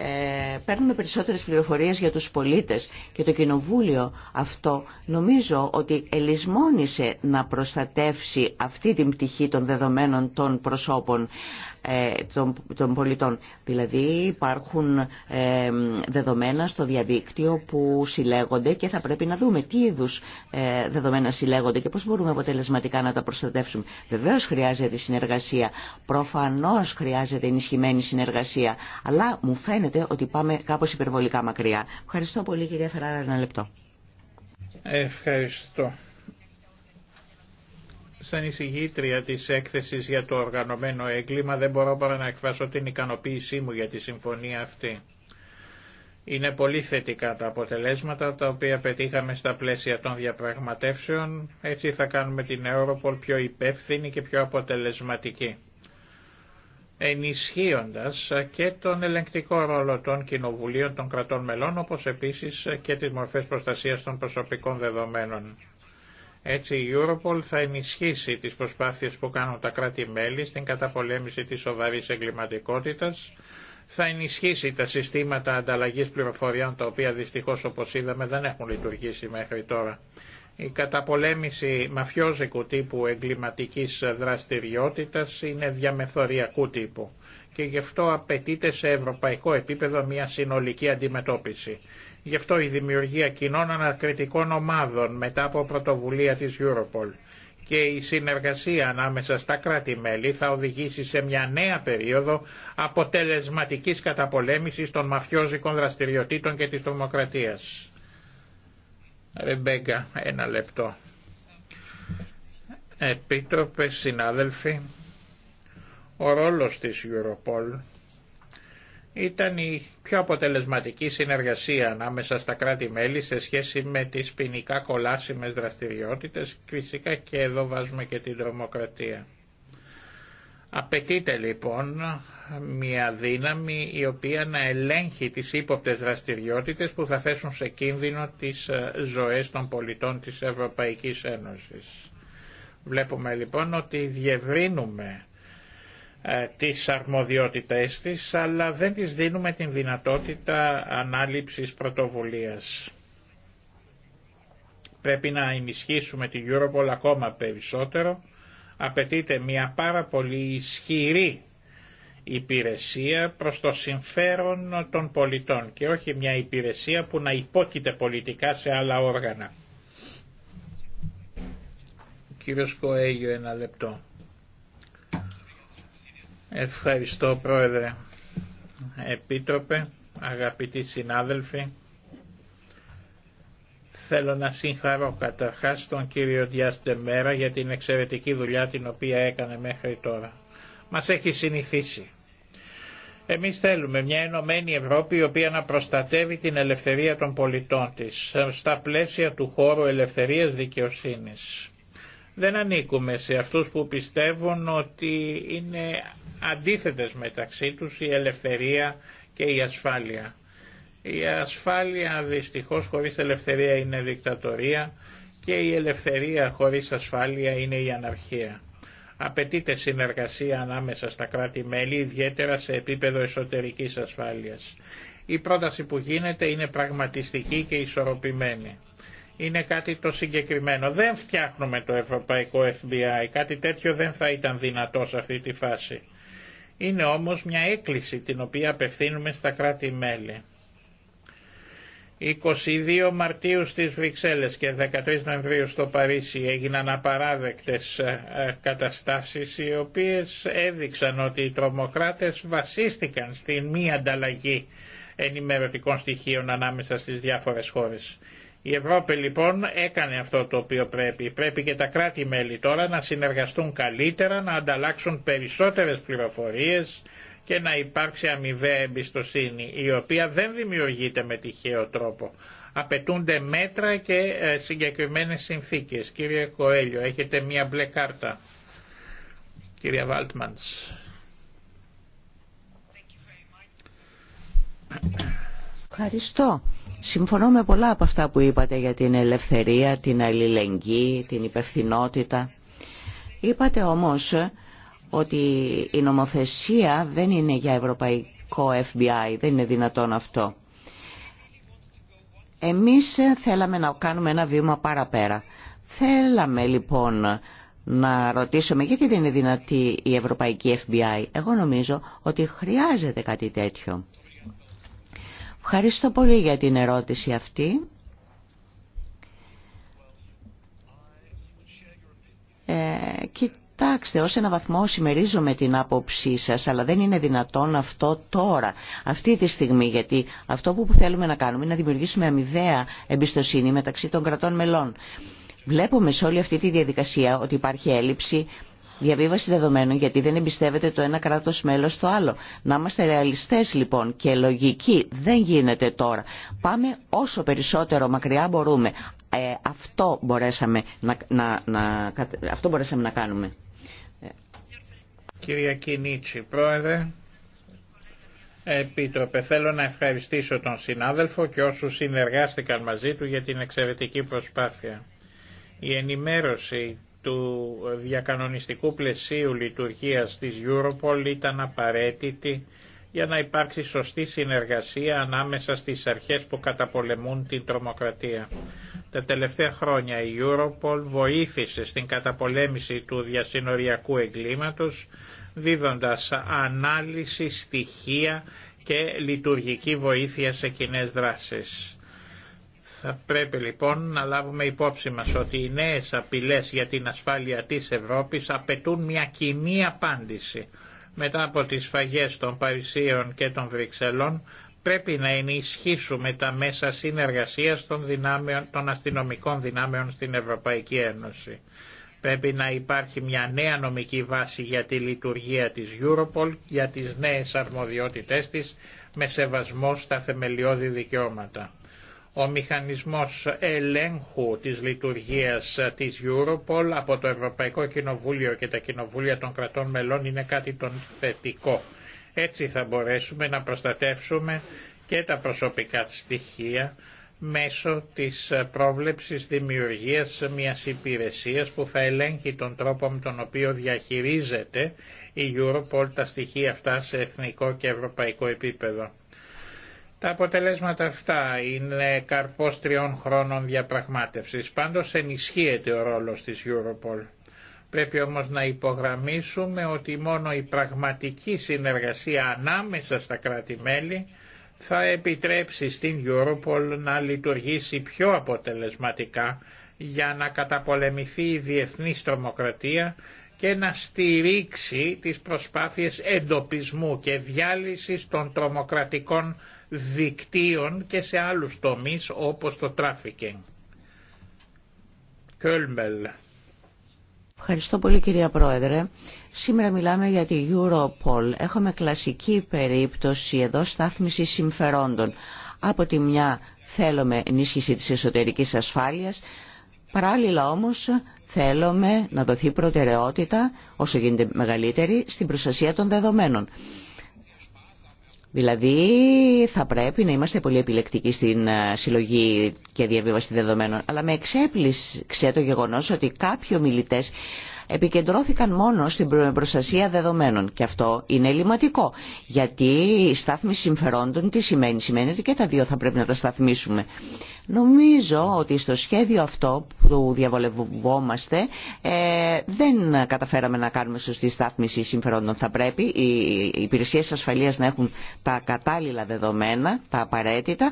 ε, παίρνουμε περισσότερες πληροφορίες για τους πολίτες και το Κοινοβούλιο αυτό νομίζω ότι ελισμόνησε να προστατεύσει αυτή την πτυχή των δεδομένων των προσώπων ε, των, πολιτών. Δηλαδή υπάρχουν ε, δεδομένα στο διαδίκτυο που συλλέγονται και θα πρέπει να δούμε τι είδους δεδομένα συλλέγονται και πώς μπορούμε αποτελεσματικά να τα προστατεύσουμε. Βεβαίως χρειάζεται συνεργασία, προφανώς χρειάζεται ενισχυμένη συνεργασία, αλλά μου φαίνεται ότι πάμε κάπως υπερβολικά μακριά. Ευχαριστώ πολύ κυρία Φεράρα, ένα λεπτό. Ευχαριστώ. Σαν εισηγήτρια της έκθεσης για το οργανωμένο έγκλημα δεν μπορώ παρά να εκφράσω την ικανοποίησή μου για τη συμφωνία αυτή. Είναι πολύ θετικά τα αποτελέσματα τα οποία πετύχαμε στα πλαίσια των διαπραγματεύσεων, έτσι θα κάνουμε την Europol πιο υπεύθυνη και πιο αποτελεσματική ενισχύοντας και τον ελεγκτικό ρόλο των κοινοβουλίων των κρατών μελών, όπως επίσης και τις μορφές προστασίας των προσωπικών δεδομένων. Έτσι η Europol θα ενισχύσει τις προσπάθειες που κάνουν τα κράτη-μέλη στην καταπολέμηση της σοβαρής εγκληματικότητας, θα ενισχύσει τα συστήματα ανταλλαγής πληροφοριών τα οποία δυστυχώς όπως είδαμε δεν έχουν λειτουργήσει μέχρι τώρα. Η καταπολέμηση μαφιόζικου τύπου εγκληματικής δραστηριότητας είναι διαμεθοριακού τύπου και γι' αυτό απαιτείται σε ευρωπαϊκό επίπεδο μια συνολική αντιμετώπιση. Γι' αυτό η δημιουργία κοινών ανακριτικών ομάδων μετά από πρωτοβουλία της Europol και η συνεργασία ανάμεσα στα κράτη-μέλη θα οδηγήσει σε μια νέα περίοδο αποτελεσματικής καταπολέμησης των μαφιόζικων δραστηριοτήτων και της τρομοκρατίας. Ρεμπέγκα, ένα λεπτό. Επίτροπε, συνάδελφοι, ο ρόλος της Europol ήταν η πιο αποτελεσματική συνεργασία ανάμεσα στα κράτη-μέλη σε σχέση με τις ποινικά κολάσιμες δραστηριότητες, φυσικά και εδώ βάζουμε και την τρομοκρατία. Απαιτείται λοιπόν μια δύναμη η οποία να ελέγχει τις ύποπτες δραστηριότητες που θα θέσουν σε κίνδυνο τις ε, ζωές των πολιτών της Ευρωπαϊκής Ένωσης. Βλέπουμε λοιπόν ότι διευρύνουμε ε, τις αρμοδιότητες της, αλλά δεν της δίνουμε την δυνατότητα ανάληψης πρωτοβουλίας. Πρέπει να ενισχύσουμε την Europol ακόμα περισσότερο. Απαιτείται μια πάρα πολύ ισχυρή υπηρεσία προς το συμφέρον των πολιτών και όχι μια υπηρεσία που να υπόκειται πολιτικά σε άλλα όργανα. Κύριος Κοέγιο ένα λεπτό. Ευχαριστώ Πρόεδρε. Επίτροπε, αγαπητοί συνάδελφοι, θέλω να συγχαρώ καταρχάς τον κύριο Διάστε Μέρα για την εξαιρετική δουλειά την οποία έκανε μέχρι τώρα. Μας έχει συνηθίσει εμείς θέλουμε μια ενωμένη Ευρώπη η οποία να προστατεύει την ελευθερία των πολιτών της στα πλαίσια του χώρου ελευθερίας δικαιοσύνης. Δεν ανήκουμε σε αυτούς που πιστεύουν ότι είναι αντίθετες μεταξύ τους η ελευθερία και η ασφάλεια. Η ασφάλεια δυστυχώς χωρίς ελευθερία είναι δικτατορία και η ελευθερία χωρίς ασφάλεια είναι η αναρχία. Απαιτείται συνεργασία ανάμεσα στα κράτη-μέλη, ιδιαίτερα σε επίπεδο εσωτερικής ασφάλειας. Η πρόταση που γίνεται είναι πραγματιστική και ισορροπημένη. Είναι κάτι το συγκεκριμένο. Δεν φτιάχνουμε το ευρωπαϊκό FBI. Κάτι τέτοιο δεν θα ήταν δυνατό σε αυτή τη φάση. Είναι όμως μια έκκληση την οποία απευθύνουμε στα κράτη-μέλη. 22 Μαρτίου στις Βρυξέλλες και 13 Νοεμβρίου στο Παρίσι έγιναν απαράδεκτες ε, ε, καταστάσεις οι οποίες έδειξαν ότι οι τρομοκράτες βασίστηκαν στη μη ανταλλαγή ενημερωτικών στοιχείων ανάμεσα στις διάφορες χώρες. Η Ευρώπη λοιπόν έκανε αυτό το οποίο πρέπει. Πρέπει και τα κράτη-μέλη τώρα να συνεργαστούν καλύτερα, να ανταλλάξουν περισσότερες πληροφορίες και να υπάρξει αμοιβαία εμπιστοσύνη, η οποία δεν δημιουργείται με τυχαίο τρόπο. Απαιτούνται μέτρα και ε, συγκεκριμένες συνθήκες. Κύριε Κοέλιο, έχετε μία μπλε κάρτα. Κύριε Βάλτμαντς. Ευχαριστώ. Συμφωνώ με πολλά από αυτά που είπατε για την ελευθερία, την αλληλεγγύη, την υπευθυνότητα. Είπατε όμως ότι η νομοθεσία δεν είναι για ευρωπαϊκό FBI, δεν είναι δυνατόν αυτό. Εμείς θέλαμε να κάνουμε ένα βήμα παραπέρα. Θέλαμε λοιπόν να ρωτήσουμε γιατί δεν είναι δυνατή η ευρωπαϊκή FBI. Εγώ νομίζω ότι χρειάζεται κάτι τέτοιο. Ευχαριστώ πολύ για την ερώτηση αυτή. Ε, Κοιτάξτε, ως ένα βαθμό συμμερίζομαι την άποψή σας, αλλά δεν είναι δυνατόν αυτό τώρα, αυτή τη στιγμή, γιατί αυτό που θέλουμε να κάνουμε είναι να δημιουργήσουμε αμοιβαία εμπιστοσύνη μεταξύ των κρατών μελών. Βλέπουμε σε όλη αυτή τη διαδικασία ότι υπάρχει έλλειψη διαβίβαση δεδομένων γιατί δεν εμπιστεύεται το ένα κράτος μέλος στο άλλο. Να είμαστε ρεαλιστές λοιπόν και λογικοί δεν γίνεται τώρα. Πάμε όσο περισσότερο μακριά μπορούμε. Ε, αυτό, μπορέσαμε να, να, να, αυτό μπορέσαμε να κάνουμε. Κυρία Κινίτσι, πρόεδρε, επίτροπε, θέλω να ευχαριστήσω τον συνάδελφο και όσους συνεργάστηκαν μαζί του για την εξαιρετική προσπάθεια. Η ενημέρωση του διακανονιστικού πλαισίου λειτουργίας της Europol ήταν απαραίτητη για να υπάρξει σωστή συνεργασία ανάμεσα στις αρχές που καταπολεμούν την τρομοκρατία. Τα τελευταία χρόνια η Europol βοήθησε στην καταπολέμηση του διασυνοριακού εγκλήματος δίδοντας ανάλυση, στοιχεία και λειτουργική βοήθεια σε κοινέ δράσεις. Θα πρέπει λοιπόν να λάβουμε υπόψη μας ότι οι νέες απειλές για την ασφάλεια της Ευρώπης απαιτούν μια κοινή απάντηση μετά από τις φαγές των Παρισίων και των Βρυξελών πρέπει να ενισχύσουμε τα μέσα συνεργασίας των, δυνάμεων, των αστυνομικών δυνάμεων στην Ευρωπαϊκή Ένωση. Πρέπει να υπάρχει μια νέα νομική βάση για τη λειτουργία της Europol, για τις νέες αρμοδιότητές της, με σεβασμό στα θεμελιώδη δικαιώματα ο μηχανισμός ελέγχου της λειτουργίας της Europol από το Ευρωπαϊκό Κοινοβούλιο και τα Κοινοβούλια των κρατών μελών είναι κάτι τον θετικό. Έτσι θα μπορέσουμε να προστατεύσουμε και τα προσωπικά στοιχεία μέσω της πρόβλεψης δημιουργίας μιας υπηρεσίας που θα ελέγχει τον τρόπο με τον οποίο διαχειρίζεται η Europol τα στοιχεία αυτά σε εθνικό και ευρωπαϊκό επίπεδο. Τα αποτελέσματα αυτά είναι καρπός τριών χρόνων διαπραγμάτευσης. Πάντως ενισχύεται ο ρόλος της Europol. Πρέπει όμως να υπογραμμίσουμε ότι μόνο η πραγματική συνεργασία ανάμεσα στα κράτη-μέλη θα επιτρέψει στην Europol να λειτουργήσει πιο αποτελεσματικά για να καταπολεμηθεί η διεθνή τρομοκρατία και να στηρίξει τις προσπάθειες εντοπισμού και διάλυσης των τρομοκρατικών δικτύων και σε άλλους τομείς όπως το τράφικινγκ. Ευχαριστώ πολύ κυρία Πρόεδρε. Σήμερα μιλάμε για τη Europol. Έχουμε κλασική περίπτωση εδώ στάθμιση συμφερόντων. Από τη μια θέλουμε ενίσχυση της εσωτερικής ασφάλειας, παράλληλα όμως Θέλουμε να δοθεί προτεραιότητα, όσο γίνεται μεγαλύτερη, στην προστασία των δεδομένων. Δηλαδή θα πρέπει να είμαστε πολύ επιλεκτικοί στην ε, συλλογή και διαβίβαση δεδομένων. Αλλά με εξέπληξε το γεγονός ότι κάποιοι ομιλητές επικεντρώθηκαν μόνο στην προστασία δεδομένων και αυτό είναι ελληματικό γιατί η στάθμιση συμφερόντων τι σημαίνει, σημαίνει ότι και τα δύο θα πρέπει να τα σταθμίσουμε. Νομίζω ότι στο σχέδιο αυτό που διαβολευόμαστε ε, δεν καταφέραμε να κάνουμε σωστή στάθμιση συμφερόντων. Θα πρέπει οι υπηρεσίες ασφαλείας να έχουν τα κατάλληλα δεδομένα, τα απαραίτητα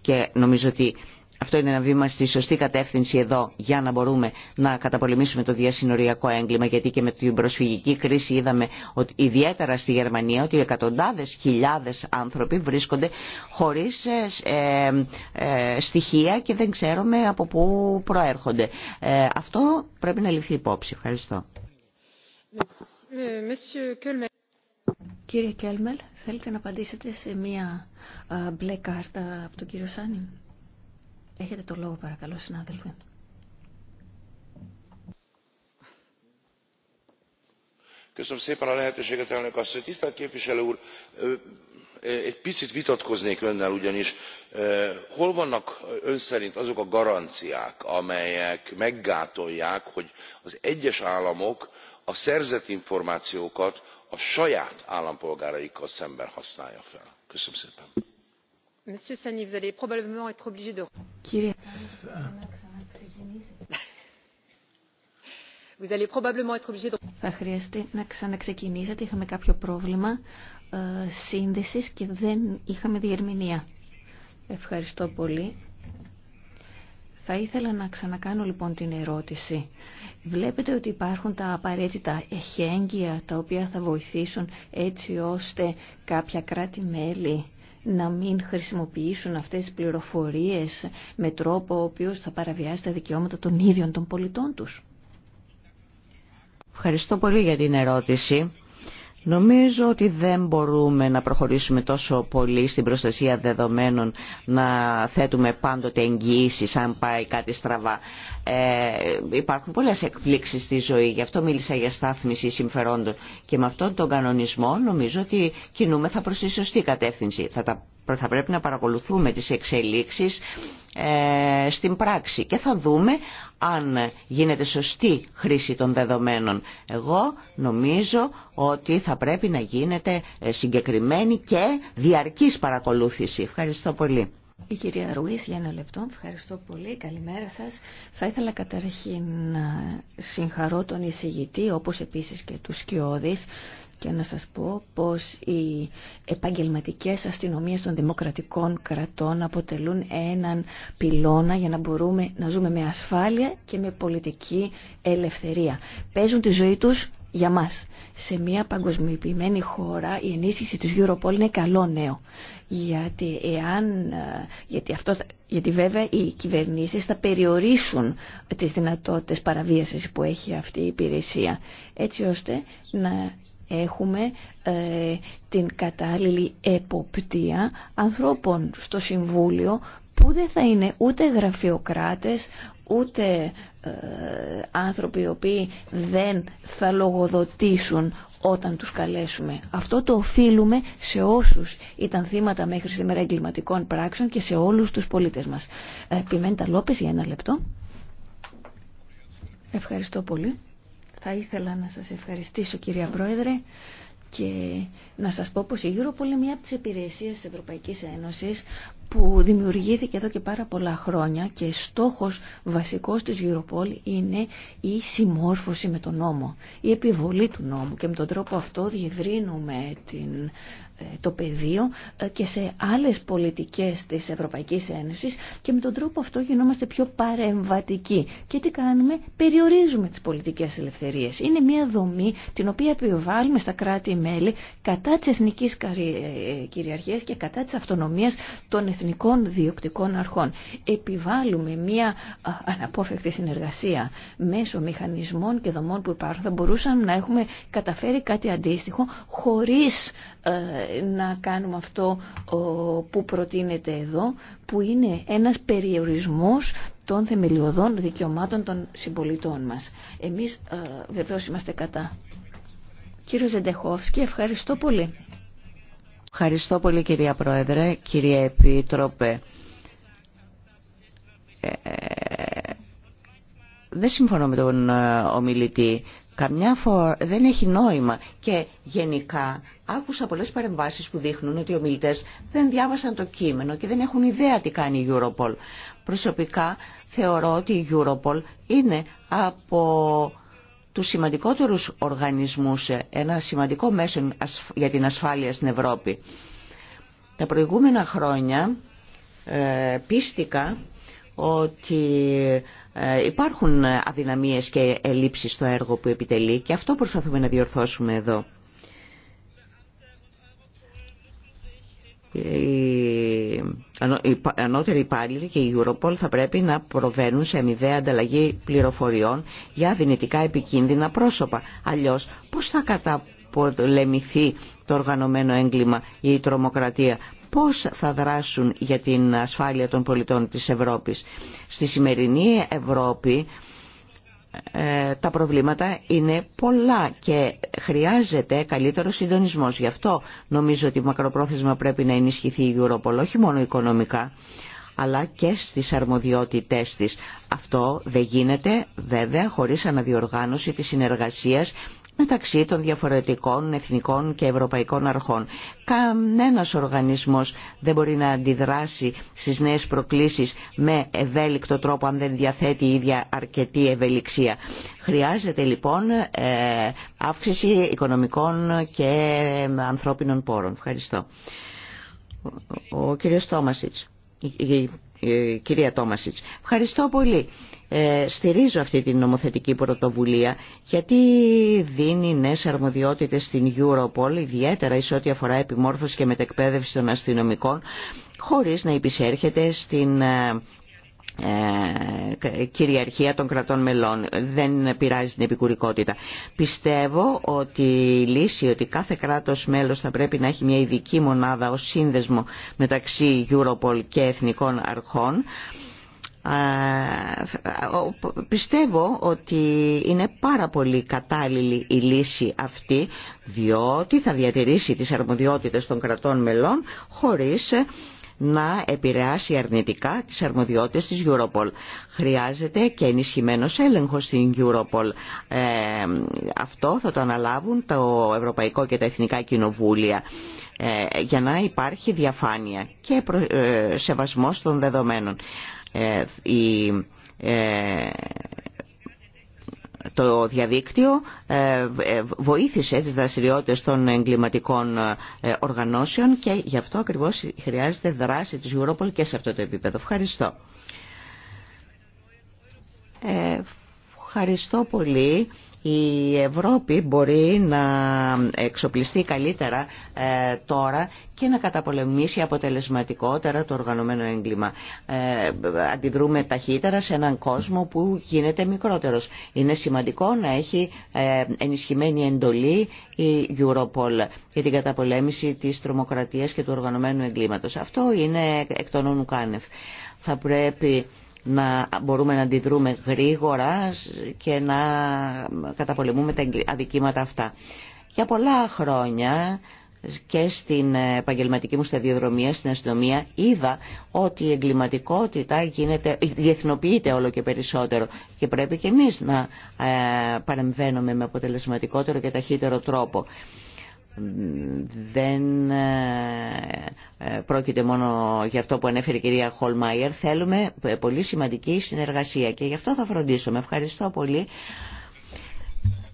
και νομίζω ότι αυτό είναι ένα βήμα στη σωστή κατεύθυνση εδώ για να μπορούμε να καταπολεμήσουμε το διασυνοριακό έγκλημα γιατί και με την προσφυγική κρίση είδαμε ότι ιδιαίτερα στη Γερμανία ότι εκατοντάδες χιλιάδες άνθρωποι βρίσκονται χωρίς ε, ε, ε, στοιχεία και δεν ξέρουμε από πού προέρχονται. αυτό πρέπει να ληφθεί υπόψη. Ευχαριστώ. Κύριε Κέλμελ, θέλετε να απαντήσετε σε μία μπλε κάρτα από τον κύριο Σάνιν. Έχετε το λόγο παρακαλώ συνάδελφοι. Köszönöm szépen a lehetőséget, elnök asszony. Tisztelt képviselő úr, egy picit vitatkoznék önnel ugyanis. Hol vannak ön szerint azok a garanciák, amelyek meggátolják, hogy az egyes államok a szerzett információkat a saját állampolgáraikkal szemben használja fel? Köszönöm szépen θα χρειαστεί να ξαναξεκινήσετε. Είχαμε κάποιο πρόβλημα ε, σύνδεσης και δεν είχαμε διερμηνία. Ευχαριστώ πολύ. Θα ήθελα να ξανακάνω λοιπόν την ερώτηση. Βλέπετε ότι υπάρχουν τα απαραίτητα εχέγγυα τα οποία θα βοηθήσουν έτσι ώστε κάποια κράτη-μέλη να μην χρησιμοποιήσουν αυτές τις πληροφορίες με τρόπο ο οποίος θα παραβιάσει τα δικαιώματα των ίδιων των πολιτών τους. Ευχαριστώ πολύ για την ερώτηση. Νομίζω ότι δεν μπορούμε να προχωρήσουμε τόσο πολύ στην προστασία δεδομένων να θέτουμε πάντοτε εγγυήσεις αν πάει κάτι στραβά. Ε, υπάρχουν πολλές εκπλήξεις στη ζωή, γι' αυτό μίλησα για στάθμιση συμφερόντων και με αυτόν τον κανονισμό νομίζω ότι θα προς τη σωστή κατεύθυνση. Θα τα θα πρέπει να παρακολουθούμε τις εξελίξεις ε, στην πράξη και θα δούμε αν γίνεται σωστή χρήση των δεδομένων. Εγώ νομίζω ότι θα πρέπει να γίνεται ε, συγκεκριμένη και διαρκής παρακολούθηση. Ευχαριστώ πολύ. Η κυρία Ρουίς, για ένα λεπτό. Ευχαριστώ πολύ. Καλημέρα σας. Θα ήθελα καταρχήν να συγχαρώ τον εισηγητή, όπως επίσης και τους Σκιώδης, και να σας πω πως οι επαγγελματικές αστυνομίες των δημοκρατικών κρατών αποτελούν έναν πυλώνα για να μπορούμε να ζούμε με ασφάλεια και με πολιτική ελευθερία. Παίζουν τη ζωή τους για μας. Σε μια παγκοσμιοποιημένη χώρα η ενίσχυση της Europol είναι καλό νέο. Γιατί, εάν, ε, γιατί, αυτό, γιατί βέβαια οι κυβερνήσεις θα περιορίσουν τις δυνατότητες παραβίασης που έχει αυτή η υπηρεσία. Έτσι ώστε να έχουμε ε, την κατάλληλη εποπτεία ανθρώπων στο Συμβούλιο που δεν θα είναι ούτε γραφειοκράτες, ούτε ε, άνθρωποι οι οποίοι δεν θα λογοδοτήσουν όταν τους καλέσουμε. Αυτό το οφείλουμε σε όσους ήταν θύματα μέχρι σήμερα εγκληματικών πράξεων και σε όλους τους πολίτες μας. Ε, Πιμέντα Λόπες για ένα λεπτό. Ευχαριστώ πολύ. Θα ήθελα να σας ευχαριστήσω κυρία Πρόεδρε και να σας πω πως η Europol είναι μια από τις υπηρεσίες της Ευρωπαϊκής Ένωσης που δημιουργήθηκε εδώ και πάρα πολλά χρόνια και στόχος βασικός της Europol είναι η συμμόρφωση με τον νόμο, η επιβολή του νόμου και με τον τρόπο αυτό διευρύνουμε την, ε, το πεδίο ε, και σε άλλες πολιτικές της Ευρωπαϊκής Ένωσης και με τον τρόπο αυτό γινόμαστε πιο παρεμβατικοί. Και τι κάνουμε, περιορίζουμε τις πολιτικές ελευθερίες. Είναι μια δομή την οποία επιβάλλουμε στα κράτη-μέλη κατά της εθνικής ε, κυριαρχίας και κατά της αυτονομίας των εθνικών διοκτικών αρχών. Επιβάλλουμε μια αναπόφευκτη συνεργασία μέσω μηχανισμών και δομών που υπάρχουν. Θα μπορούσαμε να έχουμε καταφέρει κάτι αντίστοιχο χωρίς ε, να κάνουμε αυτό που προτείνεται εδώ, που είναι ένας περιορισμός των θεμελιωδών δικαιωμάτων των συμπολιτών μας. Εμείς ε, βεβαίως είμαστε κατά. Κύριο Ζεντεχόφσκι, ευχαριστώ πολύ. Ευχαριστώ πολύ κυρία Πρόεδρε, κύριε Επίτροπε. Ε, δεν συμφωνώ με τον ε, ομιλητή. Καμιά φορά δεν έχει νόημα και γενικά άκουσα πολλές παρεμβάσεις που δείχνουν ότι οι ομιλητές δεν διάβασαν το κείμενο και δεν έχουν ιδέα τι κάνει η Europol. Προσωπικά θεωρώ ότι η Europol είναι από του σημαντικότερους οργανισμούς, ε, ένα σημαντικό μέσο για την ασφάλεια στην Ευρώπη. Τα προηγούμενα χρόνια ε, πίστηκα ότι ε, υπάρχουν αδυναμίες και ελλείψεις στο έργο που επιτελεί και αυτό προσπαθούμε να διορθώσουμε εδώ. οι ανώτεροι υπάλληλοι και η Europol θα πρέπει να προβαίνουν σε αμοιβαία ανταλλαγή πληροφοριών για δυνητικά επικίνδυνα πρόσωπα. Αλλιώς πώς θα καταπολεμηθεί το οργανωμένο έγκλημα ή η τρομοκρατία, πώς θα δράσουν για την ασφάλεια των πολιτών της Ευρώπης. Στη σημερινή Ευρώπη ε, τα προβλήματα είναι πολλά και χρειάζεται καλύτερο συντονισμός. Γι' αυτό νομίζω ότι μακροπρόθεσμα πρέπει να ενισχυθεί η Europol, όχι μόνο οικονομικά, αλλά και στις αρμοδιότητές της. Αυτό δεν γίνεται βέβαια χωρίς αναδιοργάνωση της συνεργασίας μεταξύ των διαφορετικών εθνικών και ευρωπαϊκών αρχών. Κανένας οργανισμός δεν μπορεί να αντιδράσει στις νέες προκλήσεις με ευέλικτο τρόπο αν δεν διαθέτει η ίδια αρκετή ευελιξία. Χρειάζεται λοιπόν ε, αύξηση οικονομικών και ανθρώπινων πόρων. Ευχαριστώ. Ο κύριος ε, κυρία Τόμασιτς. Ευχαριστώ πολύ. Ε, στηρίζω αυτή την νομοθετική πρωτοβουλία γιατί δίνει νέες αρμοδιότητες στην Europol, ιδιαίτερα σε ό,τι αφορά επιμόρφωση και μετεκπαίδευση των αστυνομικών, χωρίς να υπησέρχεται στην ε, ε, κυριαρχία των κρατών μελών. Δεν πειράζει την επικουρικότητα. Πιστεύω ότι η λύση ότι κάθε κράτος μέλος θα πρέπει να έχει μια ειδική μονάδα ως σύνδεσμο μεταξύ Europol και εθνικών αρχών πιστεύω ότι είναι πάρα πολύ κατάλληλη η λύση αυτή διότι θα διατηρήσει τις αρμοδιότητες των κρατών μελών χωρίς να επηρεάσει αρνητικά τις αρμοδιότητες της Europol. Χρειάζεται και ενισχυμένος έλεγχος στην Europol. Ε, αυτό θα το αναλάβουν το Ευρωπαϊκό και τα Εθνικά Κοινοβούλια ε, για να υπάρχει διαφάνεια και προ, ε, σεβασμός των δεδομένων το διαδίκτυο ε, ε, βοήθησε τις δραστηριότητες των εγκληματικών ε, οργανώσεων και γι' αυτό ακριβώς χρειάζεται δράση της Europol και σε αυτό το επίπεδο. Ευχαριστώ. Ευχαριστώ πολύ. Η Ευρώπη μπορεί να εξοπλιστεί καλύτερα ε, τώρα και να καταπολεμήσει αποτελεσματικότερα το οργανωμένο έγκλημα. Ε, αντιδρούμε ταχύτερα σε έναν κόσμο που γίνεται μικρότερος. Είναι σημαντικό να έχει ε, ενισχυμένη εντολή η Europol για την καταπολέμηση της τρομοκρατίας και του οργανωμένου εγκλήματος. Αυτό είναι εκ των ονουκάνευ. Θα πρέπει να μπορούμε να αντιδρούμε γρήγορα και να καταπολεμούμε τα αδικήματα αυτά. Για πολλά χρόνια και στην επαγγελματική μου σταδιοδρομία, στην αστυνομία, είδα ότι η εγκληματικότητα γίνεται, διεθνοποιείται όλο και περισσότερο και πρέπει και εμείς να ε, παρεμβαίνουμε με αποτελεσματικότερο και ταχύτερο τρόπο δεν ε, ε, πρόκειται μόνο για αυτό που ανέφερε η κυρία Χολμάιερ. Θέλουμε ε, πολύ σημαντική συνεργασία και γι' αυτό θα φροντίσουμε. Ευχαριστώ πολύ.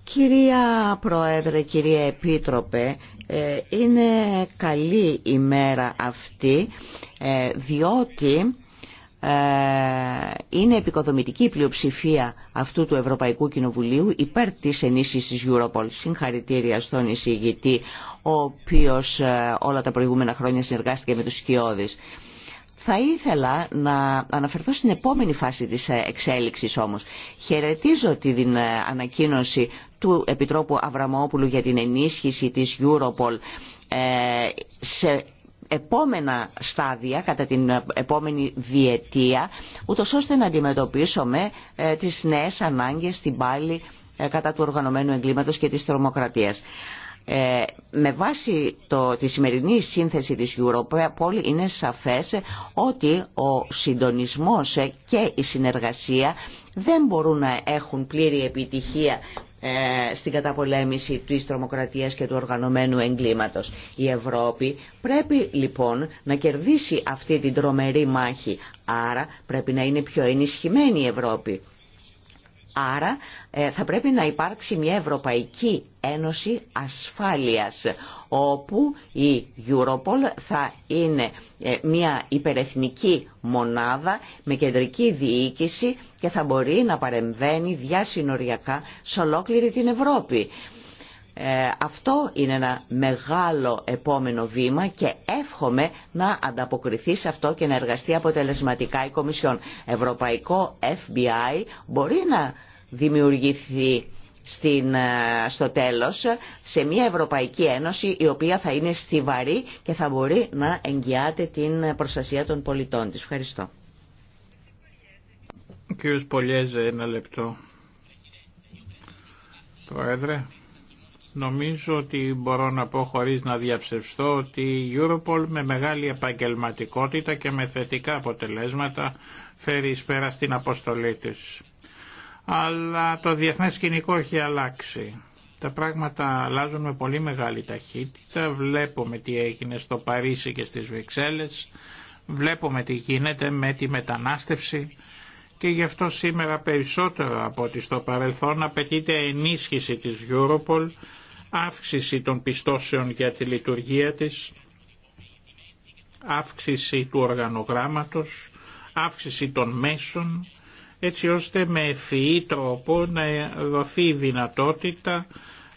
Κυρία Πρόεδρε, κυρία Επίτροπε, είναι καλή ημέρα αυτή διότι ε, είναι επικοδομητική η πλειοψηφία αυτού του Ευρωπαϊκού Κοινοβουλίου υπέρ τη ενίσχυσης της Europol. Συγχαρητήρια στον εισηγητή, ο οποίος ε, όλα τα προηγούμενα χρόνια συνεργάστηκε με τους Σκιώδης. Θα ήθελα να αναφερθώ στην επόμενη φάση της ε, εξέλιξης όμως. Χαιρετίζω την ανακοίνωση του Επιτρόπου Αβραμόπουλου για την ενίσχυση της Europol σε επόμενα στάδια, κατά την επόμενη διετία, ούτως ώστε να αντιμετωπίσουμε ε, τις νέες ανάγκες στην πάλη ε, κατά του οργανωμένου εγκλήματος και της τρομοκρατίας. Ε, με βάση το, τη σημερινή σύνθεση της Europol είναι σαφές ότι ο συντονισμός και η συνεργασία δεν μπορούν να έχουν πλήρη επιτυχία ε, στην καταπολέμηση της τρομοκρατίας και του οργανωμένου εγκλήματος. Η Ευρώπη πρέπει λοιπόν να κερδίσει αυτή την τρομερή μάχη. Άρα πρέπει να είναι πιο ενισχυμένη η Ευρώπη. Άρα ε, θα πρέπει να υπάρξει μια Ευρωπαϊκή Ένωση Ασφάλειας όπου η Europol θα είναι ε, μια υπερεθνική μονάδα με κεντρική διοίκηση και θα μπορεί να παρεμβαίνει διασυνοριακά σε ολόκληρη την Ευρώπη. Ε, αυτό είναι ένα μεγάλο επόμενο βήμα και εύχομαι να ανταποκριθεί σε αυτό και να εργαστεί αποτελεσματικά η Κομισιόν. Ευρωπαϊκό FBI μπορεί να δημιουργηθεί στην, ε, στο τέλος σε μια Ευρωπαϊκή Ένωση η οποία θα είναι στιβαρή και θα μπορεί να εγγυάται την προστασία των πολιτών της. Ευχαριστώ. Κύριος Νομίζω ότι μπορώ να πω χωρίς να διαψευστώ ότι η Europol με μεγάλη επαγγελματικότητα και με θετικά αποτελέσματα φέρει εις πέρα στην αποστολή της. Αλλά το διεθνές σκηνικό έχει αλλάξει. Τα πράγματα αλλάζουν με πολύ μεγάλη ταχύτητα. Βλέπουμε τι έγινε στο Παρίσι και στις Βεξέλες. Βλέπουμε τι γίνεται με τη μετανάστευση και γι' αυτό σήμερα περισσότερο από ότι στο παρελθόν απαιτείται ενίσχυση της Europol αύξηση των πιστώσεων για τη λειτουργία της, αύξηση του οργανογράμματος, αύξηση των μέσων, έτσι ώστε με ευφυή τρόπο να δοθεί η δυνατότητα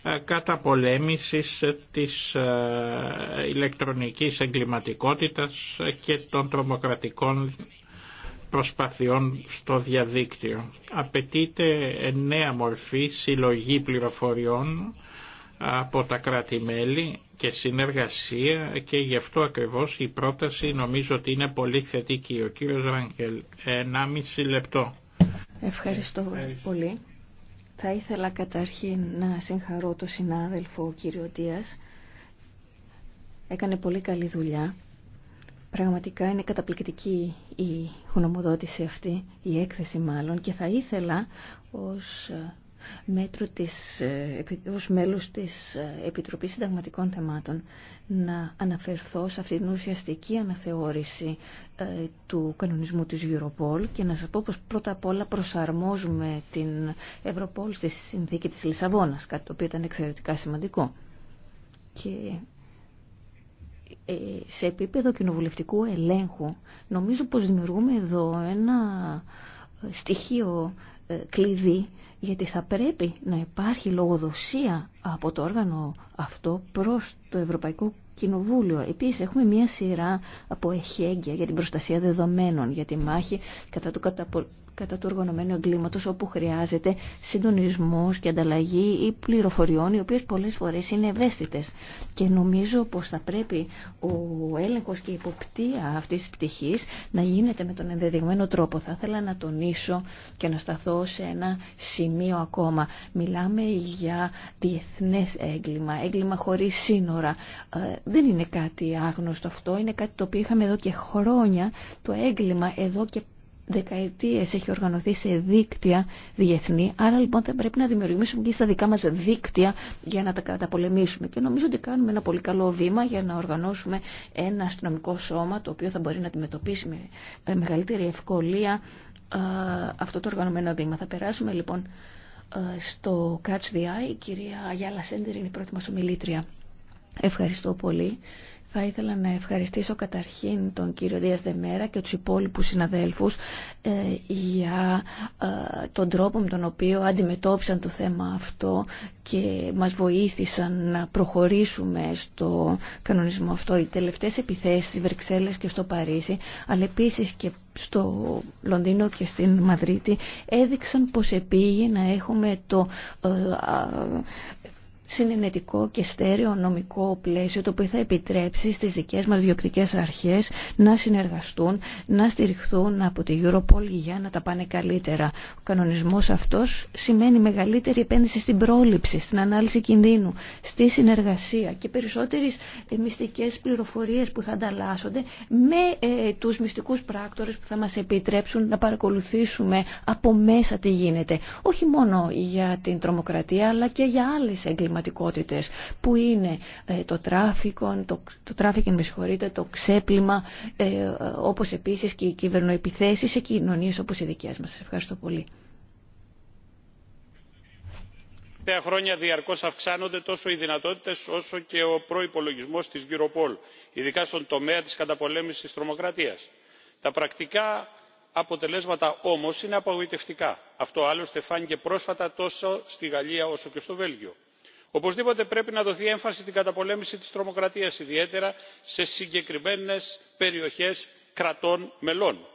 ε, καταπολέμησης της ε, ηλεκτρονικής εγκληματικότητας και των τρομοκρατικών προσπαθειών στο διαδίκτυο. Απαιτείται νέα μορφή συλλογή πληροφοριών από τα κράτη-μέλη και συνεργασία και γι' αυτό ακριβώς η πρόταση νομίζω ότι είναι πολύ θετική. Ο κύριος Ράγγελ, 1,5 λεπτό. Ευχαριστώ, πολύ. Θα ήθελα καταρχήν να συγχαρώ τον συνάδελφο κύριο Δίας. Έκανε πολύ καλή δουλειά. Πραγματικά είναι καταπληκτική η γνωμοδότηση αυτή, η έκθεση μάλλον, και θα ήθελα ως μέτρο της, ε, ως μέλος της ε, Επιτροπής Συνταγματικών Θεμάτων να αναφερθώ σε αυτήν την ουσιαστική αναθεώρηση ε, του κανονισμού της Europol και να σας πω πως πρώτα απ' όλα προσαρμόζουμε την Ευρωπόλ στη συνθήκη της Λισαβόνας, κάτι το οποίο ήταν εξαιρετικά σημαντικό. Και σε επίπεδο κοινοβουλευτικού ελέγχου νομίζω πως δημιουργούμε εδώ ένα στοιχείο κλειδί γιατί θα πρέπει να υπάρχει λογοδοσία από το όργανο αυτό προς το Ευρωπαϊκό Κοινοβούλιο. Επίσης έχουμε μια σειρά από εχέγγυα για την προστασία δεδομένων, για τη μάχη κατά του καταπολ κατά του οργανωμένου εγκλήματο όπου χρειάζεται συντονισμό και ανταλλαγή ή πληροφοριών οι οποίε πολλές φορές είναι ευαίσθητε. Και νομίζω πως θα πρέπει ο έλεγχο και η υποπτία αυτής τη πτυχή να γίνεται με τον ενδεδειγμένο τρόπο. Θα ήθελα να τονίσω και να σταθώ σε ένα σημείο ακόμα. Μιλάμε για διεθνέ έγκλημα, έγκλημα χωρί σύνορα. Ε, δεν είναι κάτι άγνωστο αυτό, είναι κάτι το οποίο είχαμε εδώ και χρόνια. Το έγκλημα εδώ και δεκαετίες έχει οργανωθεί σε δίκτυα διεθνή, άρα λοιπόν θα πρέπει να δημιουργήσουμε και στα δικά μας δίκτυα για να τα καταπολεμήσουμε. Και νομίζω ότι κάνουμε ένα πολύ καλό βήμα για να οργανώσουμε ένα αστυνομικό σώμα το οποίο θα μπορεί να αντιμετωπίσει με μεγαλύτερη ευκολία αυτό το οργανωμένο έγκλημα. Θα περάσουμε λοιπόν στο Catch the Eye. Η κυρία Αγιάλα Σέντερ είναι η πρώτη μας ομιλήτρια. Ευχαριστώ πολύ. Θα ήθελα να ευχαριστήσω καταρχήν τον κύριο Δίας Δεμέρα και τους υπόλοιπους συναδέλφους ε, για ε, τον τρόπο με τον οποίο αντιμετώπισαν το θέμα αυτό και μας βοήθησαν να προχωρήσουμε στο κανονισμό αυτό. Οι τελευταίες επιθέσεις στις Βρυξέλλες και στο Παρίσι, αλλά επίσης και στο Λονδίνο και στην Μαδρίτη έδειξαν πως επήγε να έχουμε το ε, συνενετικό και στέρεο νομικό πλαίσιο το οποίο θα επιτρέψει στις δικές μας διοκτικές αρχές να συνεργαστούν, να στηριχθούν από τη Europol για να τα πάνε καλύτερα. Ο κανονισμός αυτός σημαίνει μεγαλύτερη επένδυση στην πρόληψη, στην ανάλυση κινδύνου, στη συνεργασία και περισσότερες ε, μυστικές πληροφορίες που θα ανταλλάσσονται με ε, τους μυστικούς πράκτορες που θα μας επιτρέψουν να παρακολουθήσουμε από μέσα τι γίνεται. Όχι μόνο για την τρομοκρατία αλλά και για άλλες εγκληματικότητες που είναι ε, το τράφικο, το, το τράφικο με συγχωρείτε, το ξέπλυμα ε, όπως επίσης και οι κυβερνοεπιθέσεις σε κοινωνίες όπως οι δικές μας. Σας ευχαριστώ πολύ. Τα χρόνια διαρκώς αυξάνονται τόσο οι δυνατότητες όσο και ο προπολογισμό της Europol, ειδικά στον τομέα της καταπολέμησης της τρομοκρατίας. Τα πρακτικά αποτελέσματα όμως είναι απογοητευτικά. Αυτό άλλωστε φάνηκε πρόσφατα τόσο στη Γαλλία όσο και στο Βέλγιο οπωσδήποτε πρέπει να δοθεί έμφαση στην καταπολέμηση της τρομοκρατίας ιδιαίτερα σε συγκεκριμένες περιοχές κρατών μελών.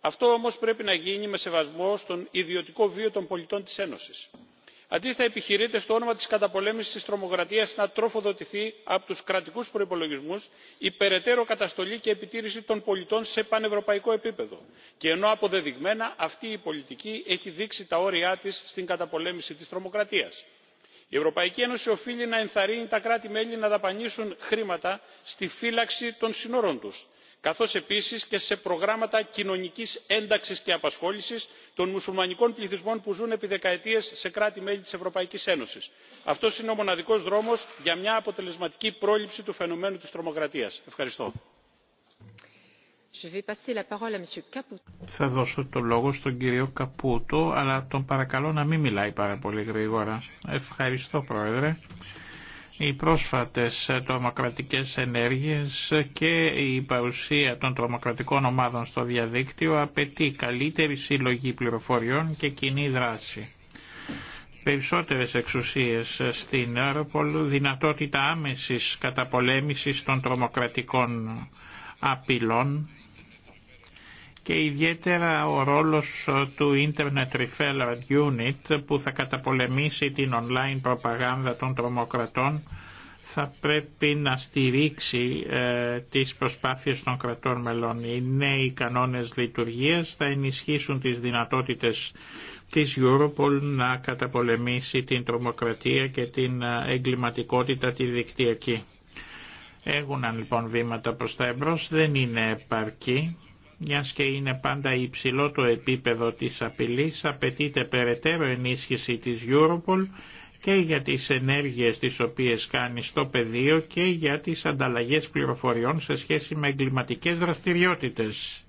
αυτό όμως πρέπει να γίνει με σεβασμό στον ιδιωτικό βίο των πολιτών της ένωσης. αντίθετα επιχειρείται στο όνομα της καταπολέμησης της τρομοκρατίας να τροφοδοτηθεί από τους κρατικούς προϋπολογισμούς η περαιτέρω καταστολή και επιτήρηση των πολιτών σε πανευρωπαϊκό επίπεδο και ενώ αποδεδειγμένα αυτή η πολιτική έχει δείξει τα όρια της στην καταπολέμηση της τρομοκρατίας η ευρωπαϊκή ένωση οφείλει να ενθαρρύνει τα κράτη μέλη να δαπανίσουν χρήματα στη φύλαξη των συνόρων τους καθώς επίσης και σε προγράμματα κοινωνικής ένταξης και απασχόλησης των μουσουλμανικών πληθυσμών που ζουν επί δεκαετίες σε κράτη μέλη της ευρωπαϊκής ένωσης. αυτός είναι ο μοναδικός δρόμος για μια αποτελεσματική πρόληψη του φαινομένου της τρομοκρατίας. ευχαριστώ. Θα δώσω το λόγο στον κύριο Καπούτο, αλλά τον παρακαλώ να μην μιλάει πάρα πολύ γρήγορα. Ευχαριστώ Πρόεδρε. Οι πρόσφατες τρομοκρατικές ενέργειες και η παρουσία των τρομοκρατικών ομάδων στο διαδίκτυο απαιτεί καλύτερη συλλογή πληροφοριών και κοινή δράση περισσότερες εξουσίες στην Ευρωπολ δυνατότητα άμεσης καταπολέμησης των τρομοκρατικών απειλών και ιδιαίτερα ο ρόλος ε, του Internet Referral Unit που θα καταπολεμήσει την online προπαγάνδα των τρομοκρατών θα πρέπει να στηρίξει ε, τις προσπάθειες των κρατών μελών. Οι νέοι κανόνες λειτουργίας θα ενισχύσουν τις δυνατότητες της Europol να καταπολεμήσει την τρομοκρατία και την ε, εγκληματικότητα τη δικτυακή. Έχουν λοιπόν βήματα προς τα εμπρός, δεν είναι επαρκή Μιας και είναι πάντα υψηλό το επίπεδο της απειλής, απαιτείται περαιτέρω ενίσχυση της Europol και για τις ενέργειες τις οποίες κάνει στο πεδίο και για τις ανταλλαγές πληροφοριών σε σχέση με εγκληματικές δραστηριότητες.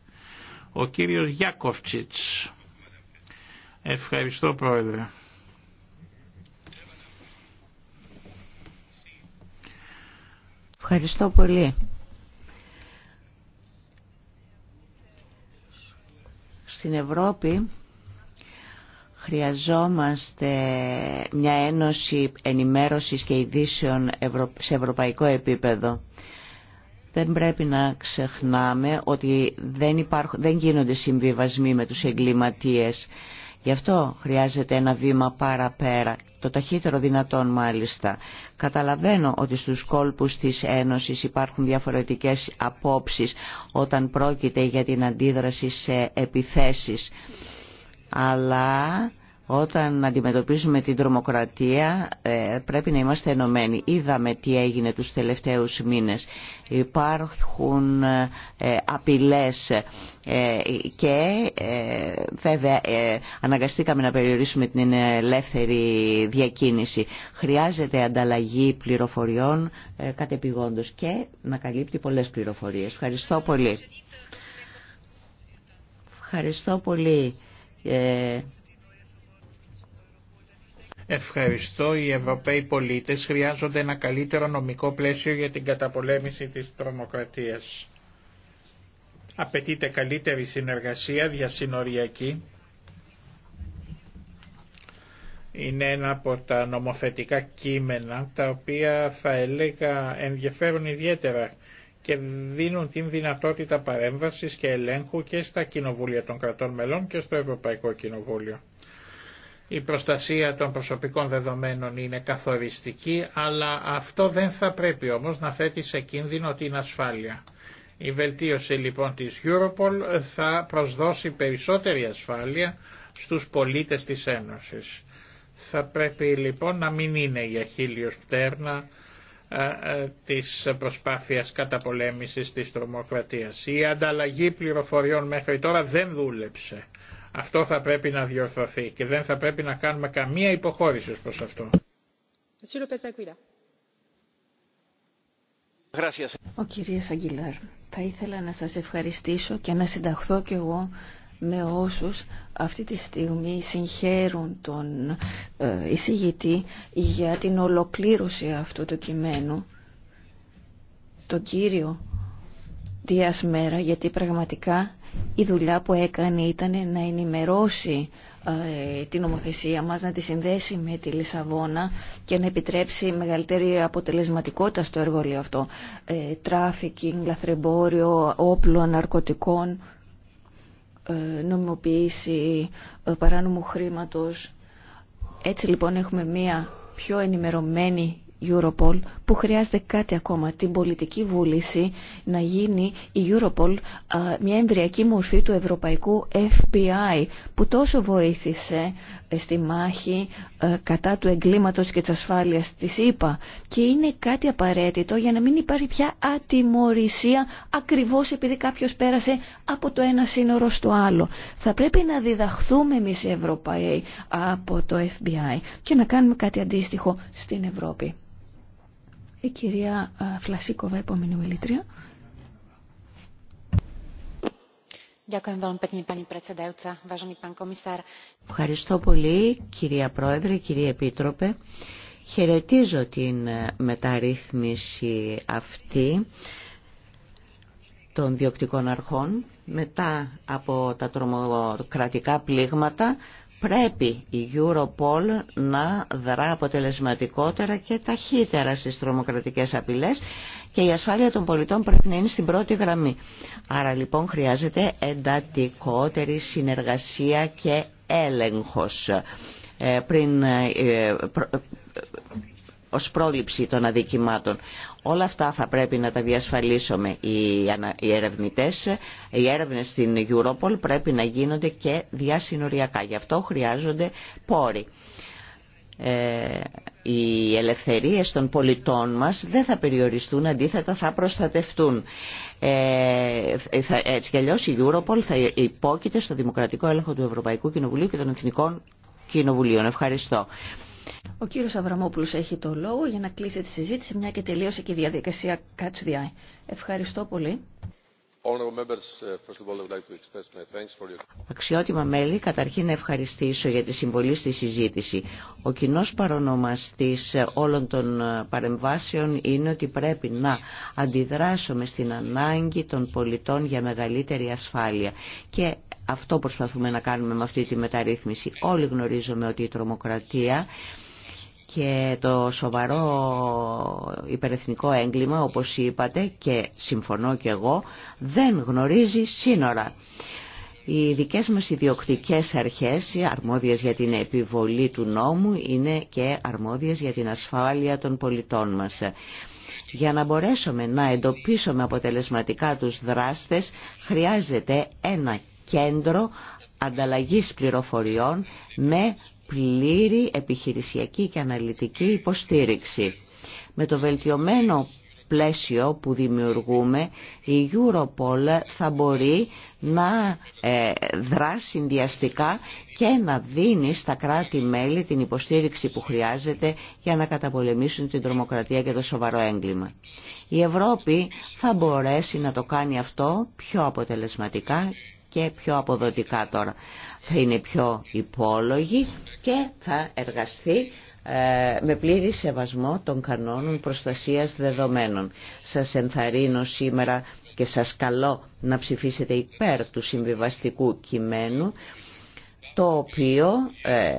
Ο κύριος Γιάκοφτσιτς. Ευχαριστώ Πρόεδρε. Ευχαριστώ πολύ. Στην Ευρώπη χρειαζόμαστε μια ένωση ενημέρωσης και ειδήσεων σε ευρωπαϊκό επίπεδο. Δεν πρέπει να ξεχνάμε ότι δεν, υπάρχουν, δεν γίνονται συμβιβασμοί με τους εγκληματίες. Γι' αυτό χρειάζεται ένα βήμα παραπέρα, το ταχύτερο δυνατόν μάλιστα. Καταλαβαίνω ότι στους κόλπους της Ένωσης υπάρχουν διαφορετικές απόψεις όταν πρόκειται για την αντίδραση σε επιθέσεις. Αλλά όταν αντιμετωπίζουμε την τρομοκρατία ε, πρέπει να είμαστε ενωμένοι. Είδαμε τι έγινε τους τελευταίους μήνες. Υπάρχουν ε, απειλές ε, και βέβαια αναγκαστήκαμε να περιορίσουμε την ελεύθερη διακίνηση. Χρειάζεται ανταλλαγή πληροφοριών κατεπηγόντως και να καλύπτει πολλές πληροφορίες. Ευχαριστώ πολύ. Ευχαριστώ πολύ. Ευχαριστώ. Οι Ευρωπαίοι πολίτες χρειάζονται ένα καλύτερο νομικό πλαίσιο για την καταπολέμηση της τρομοκρατίας. Απαιτείται καλύτερη συνεργασία διασυνοριακή. Είναι ένα από τα νομοθετικά κείμενα τα οποία θα έλεγα ενδιαφέρουν ιδιαίτερα και δίνουν την δυνατότητα παρέμβασης και ελέγχου και στα κοινοβούλια των κρατών μελών και στο Ευρωπαϊκό Κοινοβούλιο. Η προστασία των προσωπικών δεδομένων είναι καθοριστική, αλλά αυτό δεν θα πρέπει όμως να θέτει σε κίνδυνο την ασφάλεια. Η βελτίωση λοιπόν της Europol θα προσδώσει περισσότερη ασφάλεια στους πολίτες της Ένωσης. Θα πρέπει λοιπόν να μην είναι η αχίλιος πτέρνα ε, ε, της προσπάθειας καταπολέμησης της τρομοκρατίας. Η ανταλλαγή πληροφοριών μέχρι τώρα δεν δούλεψε. Αυτό θα πρέπει να διορθωθεί και δεν θα πρέπει να κάνουμε καμία υποχώρηση προς αυτό. Ο κύριος Αγγιλάρ, θα ήθελα να σας ευχαριστήσω και να συνταχθώ κι εγώ με όσους αυτή τη στιγμή συγχαίρουν τον ε, εισηγητή για την ολοκλήρωση αυτού του κειμένου, τον κύριο Δίας Μέρα, γιατί πραγματικά η δουλειά που έκανε ήταν να ενημερώσει ε, την νομοθεσία μας, να τη συνδέσει με τη Λισαβόνα και να επιτρέψει μεγαλύτερη αποτελεσματικότητα στο εργολείο αυτό. Τράφικινγκ, ε, λαθρεμπόριο, όπλο, ναρκωτικών, ε, νομιμοποίηση παράνομου χρήματος. Έτσι λοιπόν έχουμε μία πιο ενημερωμένη Europol που χρειάζεται κάτι ακόμα, την πολιτική βούληση να γίνει η Europol μια εμβριακή μορφή του ευρωπαϊκού FBI που τόσο βοήθησε ε, στη μάχη ε, κατά του εγκλήματος και της ασφάλειας της ΕΠΑ και είναι κάτι απαραίτητο για να μην υπάρχει πια ατιμορρησία ακριβώς επειδή κάποιος πέρασε από το ένα σύνορο στο άλλο. Θα πρέπει να διδαχθούμε εμείς οι Ευρωπαίοι από το FBI και να κάνουμε κάτι αντίστοιχο στην Ευρώπη. Η κυρία ε, Φλασίκοβα, επόμενη μιλήτρια. Ευχαριστώ πολύ κυρία Πρόεδρε, κυρία Επίτροπε. Χαιρετίζω την ε, μεταρρύθμιση αυτή των διοκτικών αρχών μετά από τα τρομοκρατικά πλήγματα Πρέπει η Europol να δρά αποτελεσματικότερα και ταχύτερα στις τρομοκρατικές απειλές και η ασφάλεια των πολιτών πρέπει να είναι στην πρώτη γραμμή. Άρα λοιπόν χρειάζεται εντατικότερη συνεργασία και έλεγχος ε, πριν ε, ως πρόληψη των αδικημάτων. Όλα αυτά θα πρέπει να τα διασφαλίσουμε. Οι ερευνητές, οι έρευνες στην Europol πρέπει να γίνονται και διασυνοριακά. Γι' αυτό χρειάζονται πόροι. Ε, οι ελευθερίες των πολιτών μας δεν θα περιοριστούν, αντίθετα θα προστατευτούν. Ε, θα, έτσι κι αλλιώς η Europol θα υπόκειται στο δημοκρατικό έλεγχο του Ευρωπαϊκού Κοινοβουλίου και των Εθνικών Κοινοβουλίων. Ευχαριστώ. Ο κύριος Αβραμόπουλος έχει το λόγο για να κλείσει τη συζήτηση, μια και τελείωσε και η διαδικασία Catch the Eye. Ευχαριστώ πολύ. Αξιότιμα μέλη, καταρχήν να ευχαριστήσω για τη συμβολή στη συζήτηση. Ο κοινός παρονομαστής ε, όλων των ε, παρεμβάσεων είναι ότι πρέπει να αντιδράσουμε στην ανάγκη των πολιτών για μεγαλύτερη ασφάλεια. Και αυτό προσπαθούμε να κάνουμε με αυτή τη μεταρρύθμιση. Όλοι γνωρίζουμε ότι η τρομοκρατία και το σοβαρό υπερεθνικό έγκλημα, όπως είπατε και συμφωνώ και εγώ, δεν γνωρίζει σύνορα. Οι δικές μας ιδιοκτικές αρχές, αρμόδιες για την επιβολή του νόμου, είναι και αρμόδιες για την ασφάλεια των πολιτών μας. Για να μπορέσουμε να εντοπίσουμε αποτελεσματικά τους δράστες, χρειάζεται ένα κέντρο ανταλλαγής πληροφοριών με πλήρη επιχειρησιακή και αναλυτική υποστήριξη. Με το βελτιωμένο πλαίσιο που δημιουργούμε, η Europol θα μπορεί να ε, δρά συνδυαστικά και να δίνει στα κράτη-μέλη την υποστήριξη που χρειάζεται για να καταπολεμήσουν την τρομοκρατία και το σοβαρό έγκλημα. Η Ευρώπη θα μπορέσει να το κάνει αυτό πιο αποτελεσματικά και πιο αποδοτικά τώρα θα είναι πιο υπόλογη και θα εργαστεί ε, με πλήρη σεβασμό των κανόνων προστασίας δεδομένων. Σας ενθαρρύνω σήμερα και σας καλώ να ψηφίσετε υπέρ του συμβιβαστικού κειμένου το οποίο ε,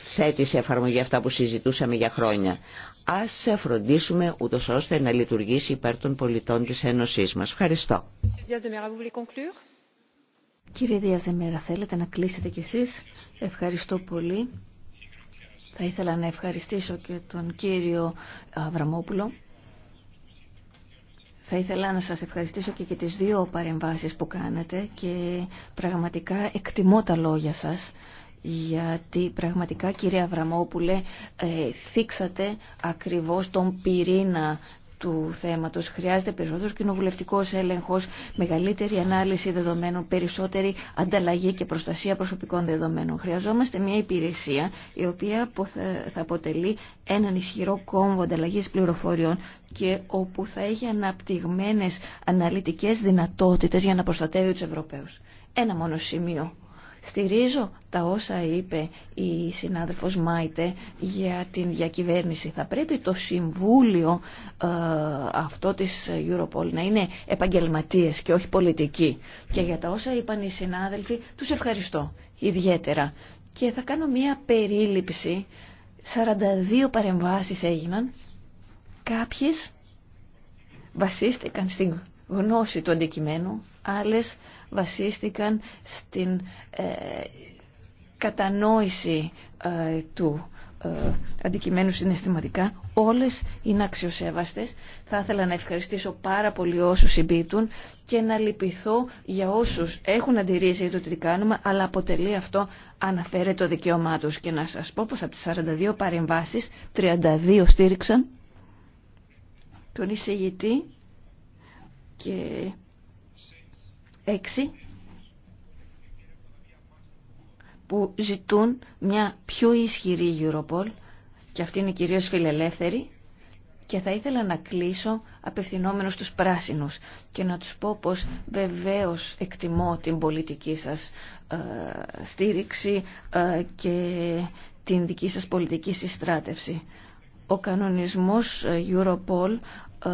θέτει σε εφαρμογή αυτά που συζητούσαμε για χρόνια. Ας φροντίσουμε ούτω ώστε να λειτουργήσει υπέρ των πολιτών της Ένωσής μας. Ευχαριστώ. Κύριε Διαζεμέρα, θέλετε να κλείσετε κι εσείς. Ευχαριστώ πολύ. Θα ήθελα να ευχαριστήσω και τον κύριο Αβραμόπουλο. Θα ήθελα να σας ευχαριστήσω και για τις δύο παρεμβάσεις που κάνατε και πραγματικά εκτιμώ τα λόγια σας γιατί πραγματικά κύριε Αβραμόπουλε ε, θίξατε ακριβώς τον πυρήνα του θέματος. Χρειάζεται περισσότερος κοινοβουλευτικός έλεγχος, μεγαλύτερη ανάλυση δεδομένων, περισσότερη ανταλλαγή και προστασία προσωπικών δεδομένων. Χρειαζόμαστε μια υπηρεσία η οποία θα αποτελεί έναν ισχυρό κόμβο ανταλλαγής πληροφοριών και όπου θα έχει αναπτυγμένες αναλυτικές δυνατότητες για να προστατεύει τους Ευρωπαίους. Ένα μόνο σημείο Στηρίζω τα όσα είπε η συνάδελφος Μάιτε για την διακυβέρνηση. Θα πρέπει το Συμβούλιο ε, αυτό της Europol να είναι επαγγελματίες και όχι πολιτικοί. Και για τα όσα είπαν οι συνάδελφοι, τους ευχαριστώ ιδιαίτερα. Και θα κάνω μία περίληψη. 42 παρεμβάσεις έγιναν. Κάποιες βασίστηκαν στην γνώση του αντικειμένου, άλλες βασίστηκαν στην ε, κατανόηση ε, του ε, αντικειμένου συναισθηματικά. Όλες είναι αξιοσέβαστες. Θα ήθελα να ευχαριστήσω πάρα πολύ όσους συμπίτουν και να λυπηθώ για όσους έχουν αντιρρήσει το τι κάνουμε, αλλά αποτελεί αυτό αναφέρεται το δικαίωμά τους. Και να σας πω πως από τις 42 παρεμβάσεις, 32 στήριξαν τον εισηγητή και έξι που ζητούν μια πιο ισχυρή Europol και αυτή είναι κυρίως φιλελεύθερη και θα ήθελα να κλείσω απευθυνόμενος τους πράσινους και να τους πω πως βεβαίως εκτιμώ την πολιτική σας ε, στήριξη ε, και την δική σας πολιτική συστράτευση. Ο κανονισμός ε, Europol ε,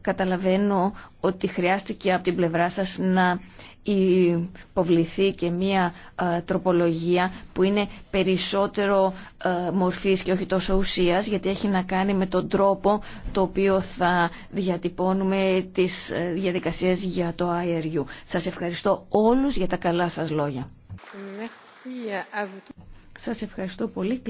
καταλαβαίνω ότι χρειάστηκε από την πλευρά σας να υποβληθεί και μία ε, τροπολογία που είναι περισσότερο ε, μορφής και όχι τόσο ουσίας γιατί έχει να κάνει με τον τρόπο το οποίο θα διατυπώνουμε τις διαδικασίες για το IRU. Σας ευχαριστώ όλους για τα καλά σας λόγια. Σας ευχαριστώ πολύ.